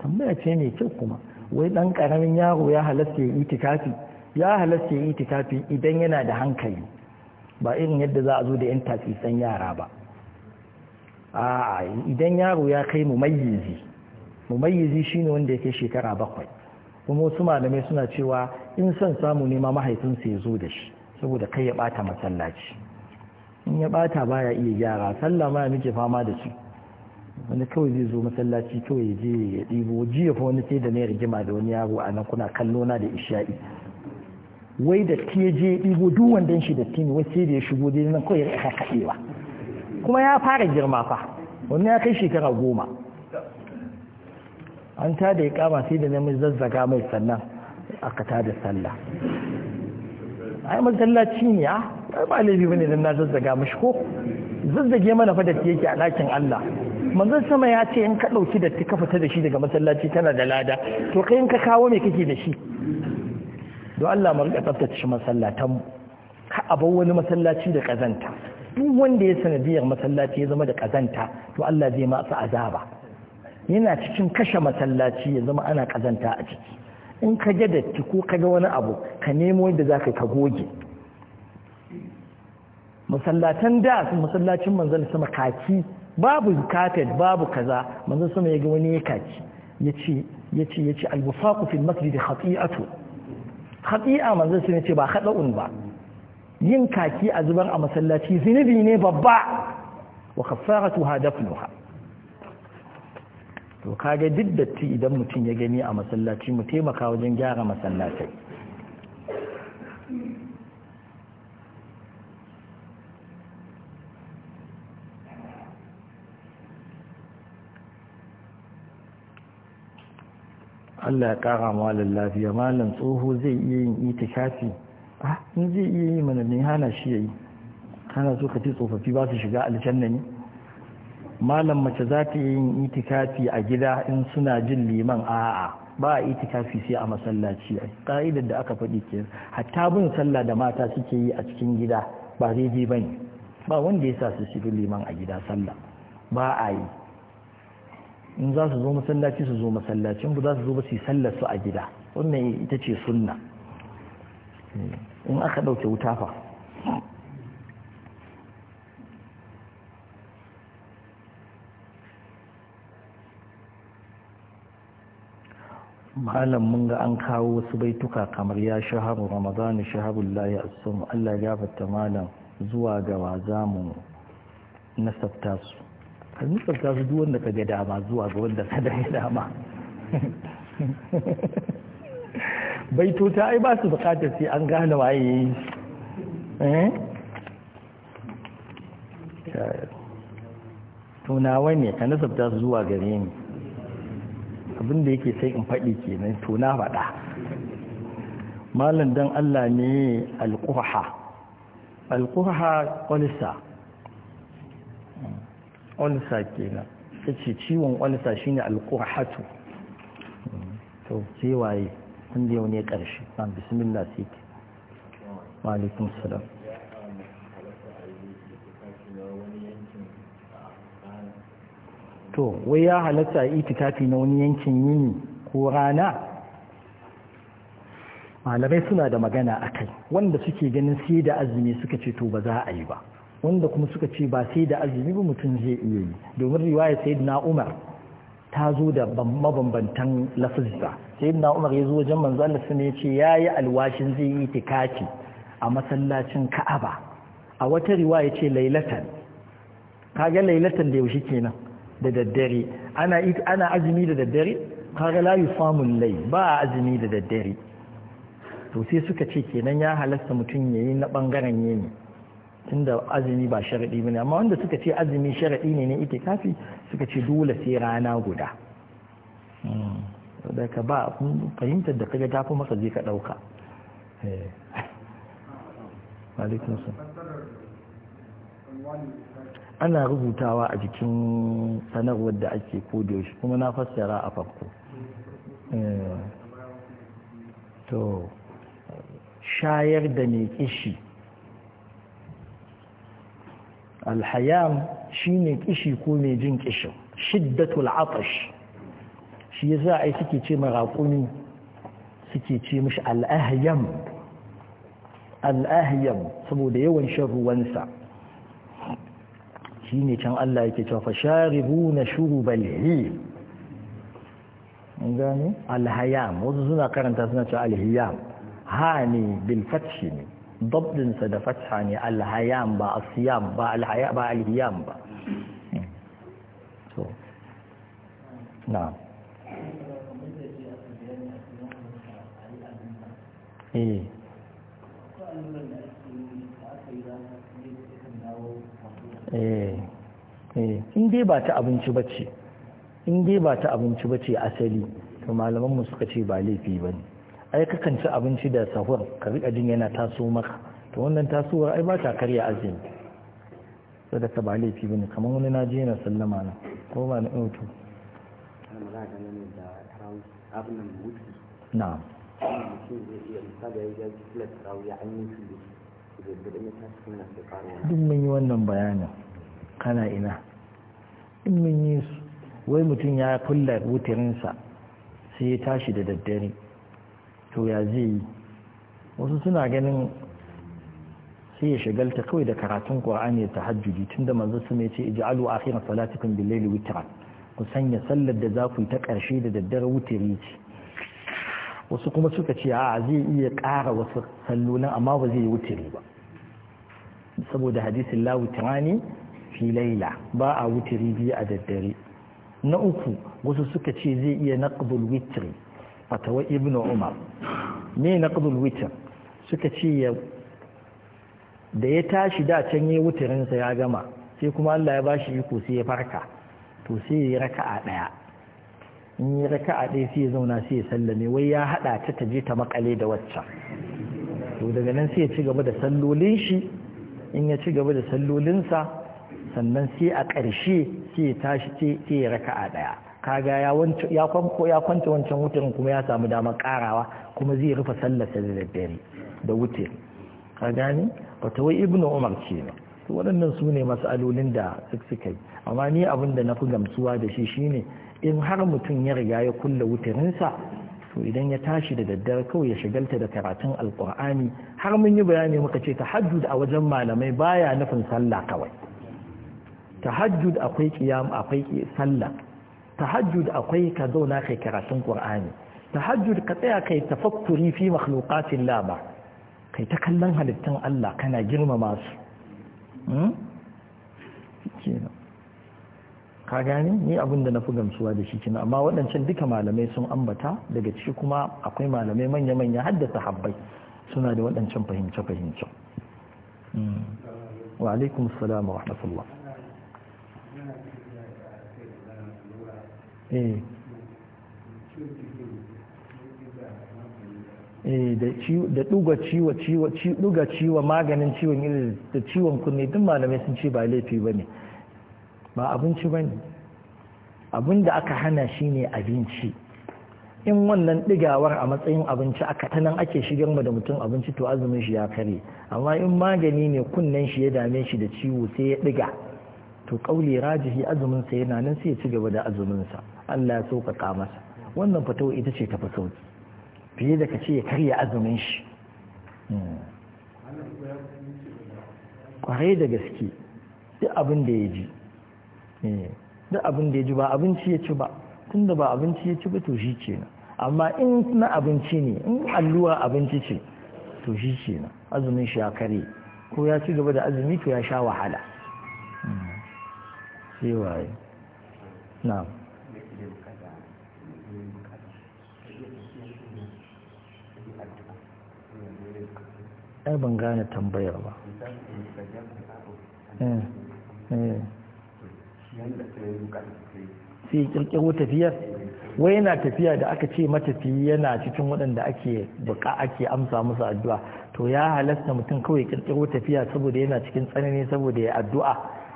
tambaya ce mai kyau kuma wai ɗan ƙaramin yaro ya halatta ya itikafi ya halatta ya itikafi idan yana da hankali ba irin yadda za a zo da 'yan tatsitsan yara ba a idan yaro ya kai mumayyizi mumayyizi shine wanda ya kai shekara bakwai kuma wasu malamai suna cewa in son samu nema mahaifinsa ya zo da shi saboda kai ya bata masallaci in ya bata baya iya gyara sallama ya muke fama da su wani kawai zai zo masallaci kawai ya je ya ɗibo jiya fa wani sai da na rigima da wani yaro a nan kuna kallo na da isha'i wai da ya je ɗibo duk wandan shi da tini wai sai da ya shigo dai nan kawai ya kaɗewa kuma ya fara girma fa wani ya kai shekara goma an ta da ya kama sai da namiji zazzaga mai sannan aka ta da sallah ai masallaci ne a ah, ba laifi bane dan na zazzaga mashi ko zazzage mana fa datti yake a ɗakin Allah manzon sama ya ce in ka ɗauki datti ka fita da shi daga masallaci tana da lada to kai in ka kawo me kake da shi don Allah mu rika tsaftace masallatan ka abu wani masallaci da kazanta duk wanda ya sanadiyar masallaci ya zama da kazanta to Allah zai masa azaba yana cikin kashe masallaci ya zama ana kazanta a ciki in ka ga datti ko ka ga wani abu ka nemo yadda zaka ka goge masallatan da masallacin manzon sama kaki babu kafet babu kaza manzon sama ya wani ya kaki yace yace yace al fi al masjid khati'atu khati'a manzon sama yace ba khada'un ba yin kaki a zubar a masallaci zinubi ne babba wa kaffaratuha dafnuha to kaga duk datti idan mutum ya gani a masallaci mu taimaka wajen gyara masallatai Allah ya kara malam lafiya malam tsoho zai iya yin itikafi ah in zai iya yi mana ne hana shi yayi kana so ka ci tsofaffi ba su shiga aljanna ne malam mace za ta yin itikafi a gida in suna jin liman a'a ba a itikafi sai a masallaci ai ka'idar da aka faɗi ke hatta bin sallah da mata suke yi a cikin gida ba daidai bane ba wanda ya sa su shiga liman a gida sallah ba a yi in za su zo masallaci su zo masallaci in za su zo ba su yi sallar su a gida wannan ita ce sunna in aka ɗauke wuta fa malam mun ga an kawo wasu baituka kamar ya shaharu ramadan shaharun laye a Allah ya gafarta malam zuwa ga wa mu nasabta su ka nisanta su duk wanda ka ga dama zuwa ga wanda ka da dama baitota ai ba su bukatar sai an gane waye yi eh? tunawa ne ka nasabta su zuwa gare ni abinda yake sai in faɗi kenan tuna faɗa malam dan Allah ne alƙuha alƙuha ƙwalisa olsa kenan ta ce ciwon ne shine alqurhatu to kewaye tun da yau ne karshe an bismillah sai ke malikun salam to wai ya halatta itikafi na wani yankin yini ko rana malamai suna da magana a kai wanda suke ganin sai da azumi suka ce to ba za a yi ba wanda kuma suka ce ba sai da azumi ba mutum zai iya yi domin riwaya na Umar ta zo da mabambantan lafizza na Umar ya zo wajen manzo Allah sun ya ce yayi alwashin zai yi tikati a masallacin Ka'aba a wata riwaya ce lailatan kaga lailatan da yaushe kenan da daddare ana ana azumi da daddare kaga la yusamu lai ba azumi da daddare to sai suka ce kenan ya halasta mutum yayi na bangaren yini tunda azumi ba sharaɗi ba ne amma wanda suka ce azumi sharaɗi ne na kafi suka ce dole sai rana guda hmm. da ka ba fahimtar da kaga tafi maka je ka ɗauka eh. ana rubutawa a jikin sanarwar da ake shi kuma na fassara a farko eh. to shayar da mai kishi alhayam shine kishi ko mai jin kishin shiddatul atash shi yasa ai suke ce maraqumi suke ce mishi al-ahyam saboda yawan shan ruwansa ne can Allah yake cewa fasharibuna shurubal hil gani alhayam wasu suna karanta suna cewa alhiya hani bil ne dabdinsa da fatha ne alhayam ba asiyam ba alhaya ba alhiyam ba so na eh. Eh, eh. in dai ba ta abinci ba ce in dai ba ta abinci ba ce asali to malamanmu suka ce ba laifi ba ne ai kakan ci abinci da sahur ka riƙa jin yana taso maka to wannan tasowar ai ba ta karya azumi so da ka ba laifi bane kamar wani na je na sallama na ko ba na auto eh na duk mun yi wannan bayanin kana ina in mun yi su wai mutum ya kulla wutarinsa sai ya tashi da daddare to ya zai yi wasu suna ganin sai ya shagalta kawai da karatun qur'ani da tahajjudi tunda manzo sun ya ce ij'alu a salatikum bil-layli witran ku sanya sallar da za ku yi ta ƙarshe da daddare wutiri ce wasu kuma suka ce a zai iya ƙara wasu sallolin amma ba zai yi wutari ba saboda hadisin la wutirani fi laila ba a wutiri biyu a daddare na uku wasu suka ce zai iya naqbul witri fatawa ibn umar ne na ƙudul witir suka ce da ya tashi da can yi wutarinsa ya gama sai kuma allah ya ba shi iko sai ya farka to sai ya yi raka'a ɗaya in yi raka'a ɗaya sai ya zauna sai ya sallame wai ya haɗa ta ta je ta makale da waccan to daga nan sai ya ci gaba da sallolin shi in ya ci gaba da sallolinsa sannan sai a ƙarshe sai ya tashi sai ya raka'a ɗaya kaga ya ya kwanko ya kwanta wancan wutar kuma ya samu damar karawa kuma zai rufe sallarsa da daddare da wutar ka ba ta wai ibnu umar ce ne to waɗannan su ne masalolin da suka yi amma ni abin da na fi gamsuwa da shi shine in har mutum ya riga ya kulla wutarinsa to idan ya tashi da daddare kawai ya shigalta da karatun alkur'ani har mun yi bayani muka ce tahajjud a wajen malamai baya nufin sallah kawai tahajjud akwai qiyam akwai sallah tahajjud akwai ka zauna kai karatun qur'ani tahajjud ka tsaya kai tafakkuri fi makhluqatin laba kai ta kallon halittun Allah kana girmama su hmm? ka gani ni abin da na fi gamsuwa da shi kina amma waɗancan duka malamai sun ambata daga ciki kuma akwai malamai manya-manya haddasa habbai suna da waɗancan fahimce-fahimce hmm. wa alaikum salam wa rahmatullah Eh. Eh, da ɗuga ciwo ɗuga ciwo maganin ciwon iri da ciwon kunne duk malamai sun ce ba laifi ba ne ba abinci ba ne abin da aka hana shi ne abinci in wannan ɗigawar a matsayin abinci aka ta nan ake shigar ma da mutum abinci to azumin shi ya kare amma in magani ne kunnen shi ya dame shi da ciwo sai ya ɗiga to kauli rajihi azumin sa yana nan sai ya ci gaba da azumin sa Allah ya sauƙaƙa masa wannan fatawa ita ce ta fi sauki fiye da kace ya karya azumin shi kwarai hmm. da gaske duk abin da ya ji eh, duk abin da ya ji ba abinci ya ci ba tun da ba abinci ya ci ba to shi ce amma in na abinci ne in alluwa abinci ce to shi ce azumin shi ya kare ko ya ci gaba da azumi to ya sha wahala hmm. siwaye na ban gane tambayar ba eh, eh. sai kirkiro tafiyar wai yana tafiya da aka ce matafiya yana cikin waɗanda ake buka ake amsa musu addu'a to ya halasta mutum kawai ƙirƙiro tafiya saboda yana cikin tsanani saboda ya addu'a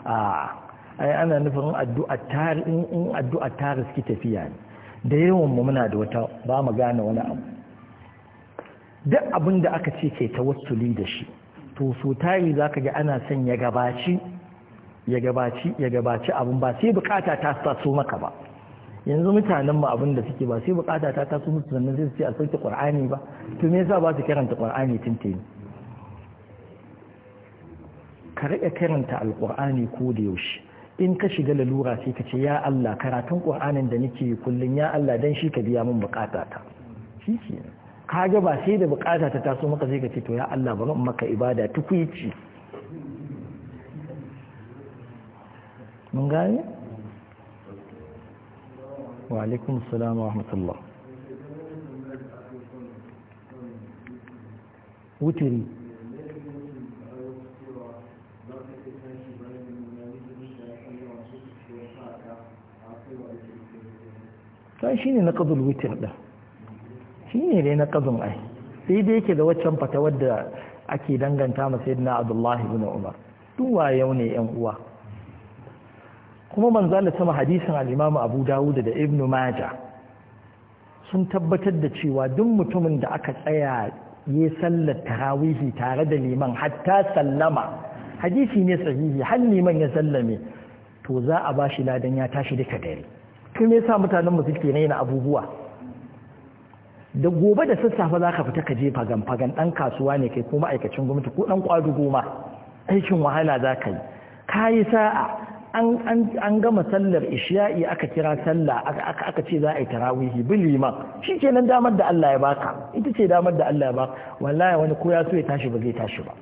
a ah. ai ana nufin addu'a tar in addu'a ta suke tafiya ne da yawan mu muna da wata ba mu gane wani abu duk abin da aka ce ke tawassuli da shi to so tari zaka ga ana son ya gabaci ya gabaci ya gabaci abin ba sai bukata ta taso maka ba yanzu mutanen mu abin da suke ba sai bukata ta taso musu sannan sai su ce a sauke qur'ani ba to me yasa ba su karanta qur'ani tuntuni ka riƙe karanta alƙur'ani ko da yaushe in ka shiga lalura sai ka ce ya Allah karatun ƙur'anin da nake yi kullum ya Allah dan shi ka biya min bukata ta shi ke ka ga ba sai da bukata ta taso maka zai ka ce to ya Allah bari in maka ibada tukuici mun gane wa alaikum wa rahmatullah wutiri ta shi ne na ƙazul witir ɗin shi ne ne na ƙazun ai sai dai yake da waccan fata wadda ake danganta yadda na abdullahi bin umar duk yau ne yan uwa kuma manzala sama hadisin al'imamu abu dawud da ibn maja sun tabbatar da cewa duk mutumin da aka tsaya ya sallar tarawihi tare da liman hatta sallama hadisi ne sahihi har liman ya sallame to za a ba shi ladan ya tashi duka dare kai me yasa mutanen mu suke raina abubuwa da gobe da sassafe za ka fita ka je fagan fagan ɗan kasuwa ne kai ko ma'aikacin gwamnati ko ɗan ƙwado goma aikin wahala za ka yi ka yi sa'a an gama sallar ishiya'i aka kira sallah aka ce za a yi tarawihi bi liman shi kenan damar da Allah ya baka ita ce damar da Allah ya baka wallahi wani ko ya so ya tashi ba zai tashi ba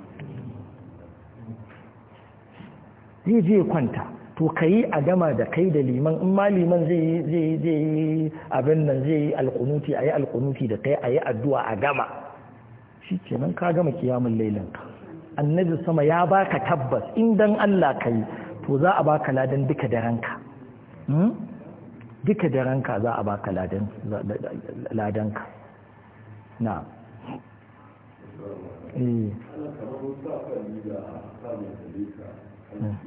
zai je kwanta to ka yi a gama da kai da liman in ma liman zai yi abin nan zai yi alkunuti a yi alkunuti da kai a yi addu'a a gama shi kenan ka gama kiyamun lailanka annabi sama ya baka tabbas idan Allah ka yi to za a baka ladan duka da ranka hmm? duka da ranka za a baka ladanka na Mm-hmm.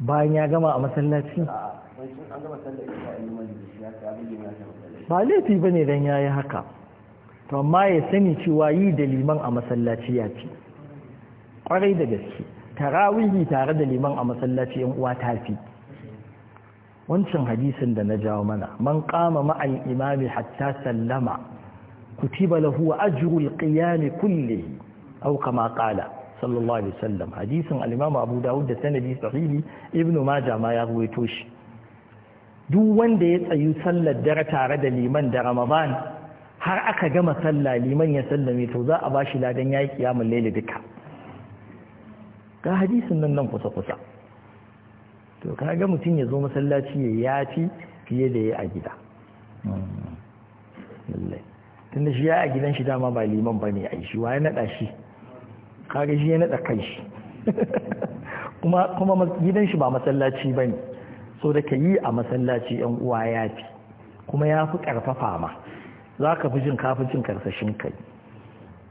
bayan ya gama a masallaci ba laifi ba ne don ya yi haka to amma ya sani cewa yi da liman a masallaci ya ce ƙwarai da gaske tarawihi tare da liman a masallaci yan uwa ta fi. wancan hadisin da na jawo mana man kama ma'al imami hatta sallama kutiba lahu ajrul qiyam kullihi aw kama qala sallallahu alaihi wasallam hadisin al-imam abu dawud da sanadi sahihi ibnu majah ma ya ruwaito shi duk wanda ya tsayu sallar dare tare da liman da ramadan har aka gama sallah liman ya sallame to za a bashi ladan yayi kiyamul laili duka ga hadisin nan nan kusa kusa to kaga mutum ya zo masallaci ya yafi fiye da ya a gida hmm. tunda shi ya a gidan shi dama ba liman bane ai shi wa ya naɗa shi kare shi ya naɗa kai shi kuma gidan shi ba masallaci ba ne so da ka yi a masallaci yan uwa ya fi kuma ya fi ƙarfafa ma za ka fi jin kafin jin karsashin kai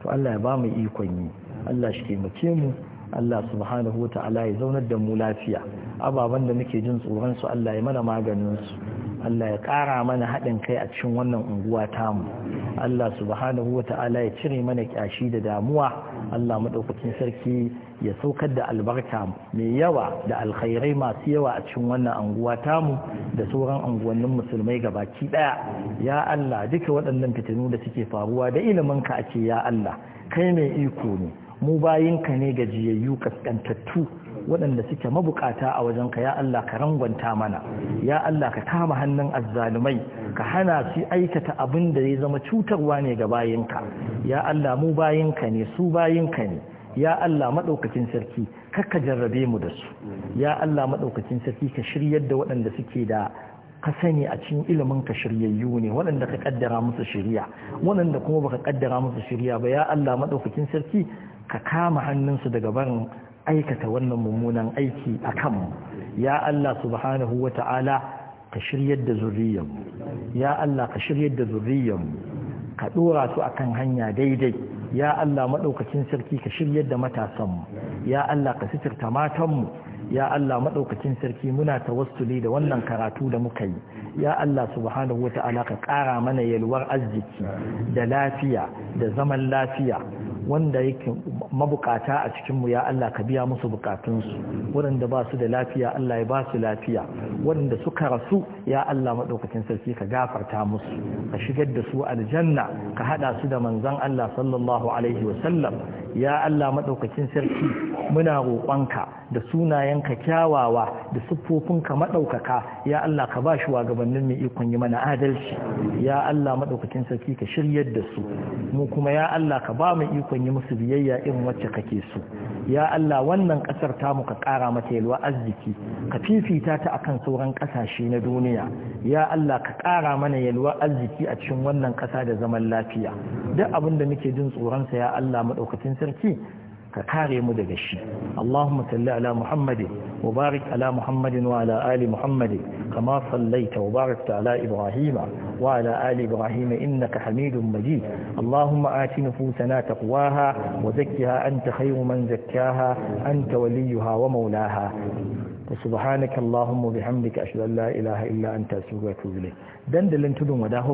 to Allah ya ba mu ikon yi Allah shi ke mu Allah subhanahu wa ta'ala ya zaunar da mu lafiya ababen da muke jin tsoron su Allah ya mana maganin su Allah ya kara mana haɗin kai a cikin wannan unguwa tamu Allah subhanahu wa ta'ala ya cire mana kyashi da damuwa Allah madaukakin sarki ya saukar da albarka mai yawa da alkhairai masu yawa a cikin wannan anguwa tamu da sauran anguwannin musulmai gabaki ɗaya ya Allah duka waɗannan fitinu da suke faruwa da ilimin ka ake ya Allah kai mai iko ne mu bayinka ne gajiyayyu kaskantattu waɗanda suke mabukata a wajen ka ya Allah ka rangwanta mana ya Allah ka kama hannun azzalumai ka hana su aikata abin da ya zama cutarwa ne ga bayinka ya Allah mu bayinka ne su bayinka ne ya Allah maɗaukacin sarki kakka jarrabe mu da su ya Allah maɗaukacin sarki ka shiryar da waɗanda suke da ka sani a cikin ilimin ka shiryayyu ne waɗanda ka kaddara musu shirya waɗanda kuma baka kaddara musu shirya ba ya Allah maɗaukacin sarki ka kama hannunsu daga barin aikata wannan mummunan aiki a kanmu ya Allah subhanahu wa ta'ala ka shiryar da zurriyanmu ya Allah ka shiryar da zurriyanmu ka ɗora su akan hanya daidai ya Allah maɗaukacin sarki ka shiryar da matasanmu ya Allah ka sitirta matanmu ya Allah maɗaukacin sarki muna tawassuli da wannan karatu da muka yi ya Allah subhanahu wa ta'ala ka ƙara mana yalwar arziki da lafiya da zaman lafiya wanda yake mabukata a cikinmu ya Allah ka biya musu bukatunsu waɗanda ba su da lafiya Allah ya ba su lafiya waɗanda suka rasu ya Allah maɗaukacin sarki ka gafarta musu ka shigar da su aljanna ka haɗa su da manzon Allah sallallahu alaihi wasallam ya Allah maɗaukacin sarki muna roƙonka da sunayenka kyawawa da siffofinka maɗaukaka ya Allah ka ba shi wagabannin mai ikon yi mana adalci ya Allah maɗaukacin sarki ka shiryar da su mu kuma ya Allah ka ba mu ikon ikon yi musu biyayya irin wacce kake so ya Allah wannan kasar ta ka kara mata yalwa arziki ka fifita ta akan sauran kasashe na duniya ya Allah ka kara mana yalwa arziki a cikin wannan kasa da zaman lafiya duk abin da muke jin tsoron sa ya Allah madaukakin sarki ka kare mu daga shi Allahumma salli ala Muhammad wa barik ala Muhammad wa ala ali Muhammad kama sallaita wa barakta ala Ibrahim wa ala ali Ibrahim innaka Hamidum Majid Allahumma ati nufusana taqwaha wa zakkiha anta khayru man zakkaha anta waliyuha wa mawlaha subhanaka Allahumma bihamdika ashhadu an la ilaha illa anta astaghfiruka wa atubu ilayk dandalin tudun wada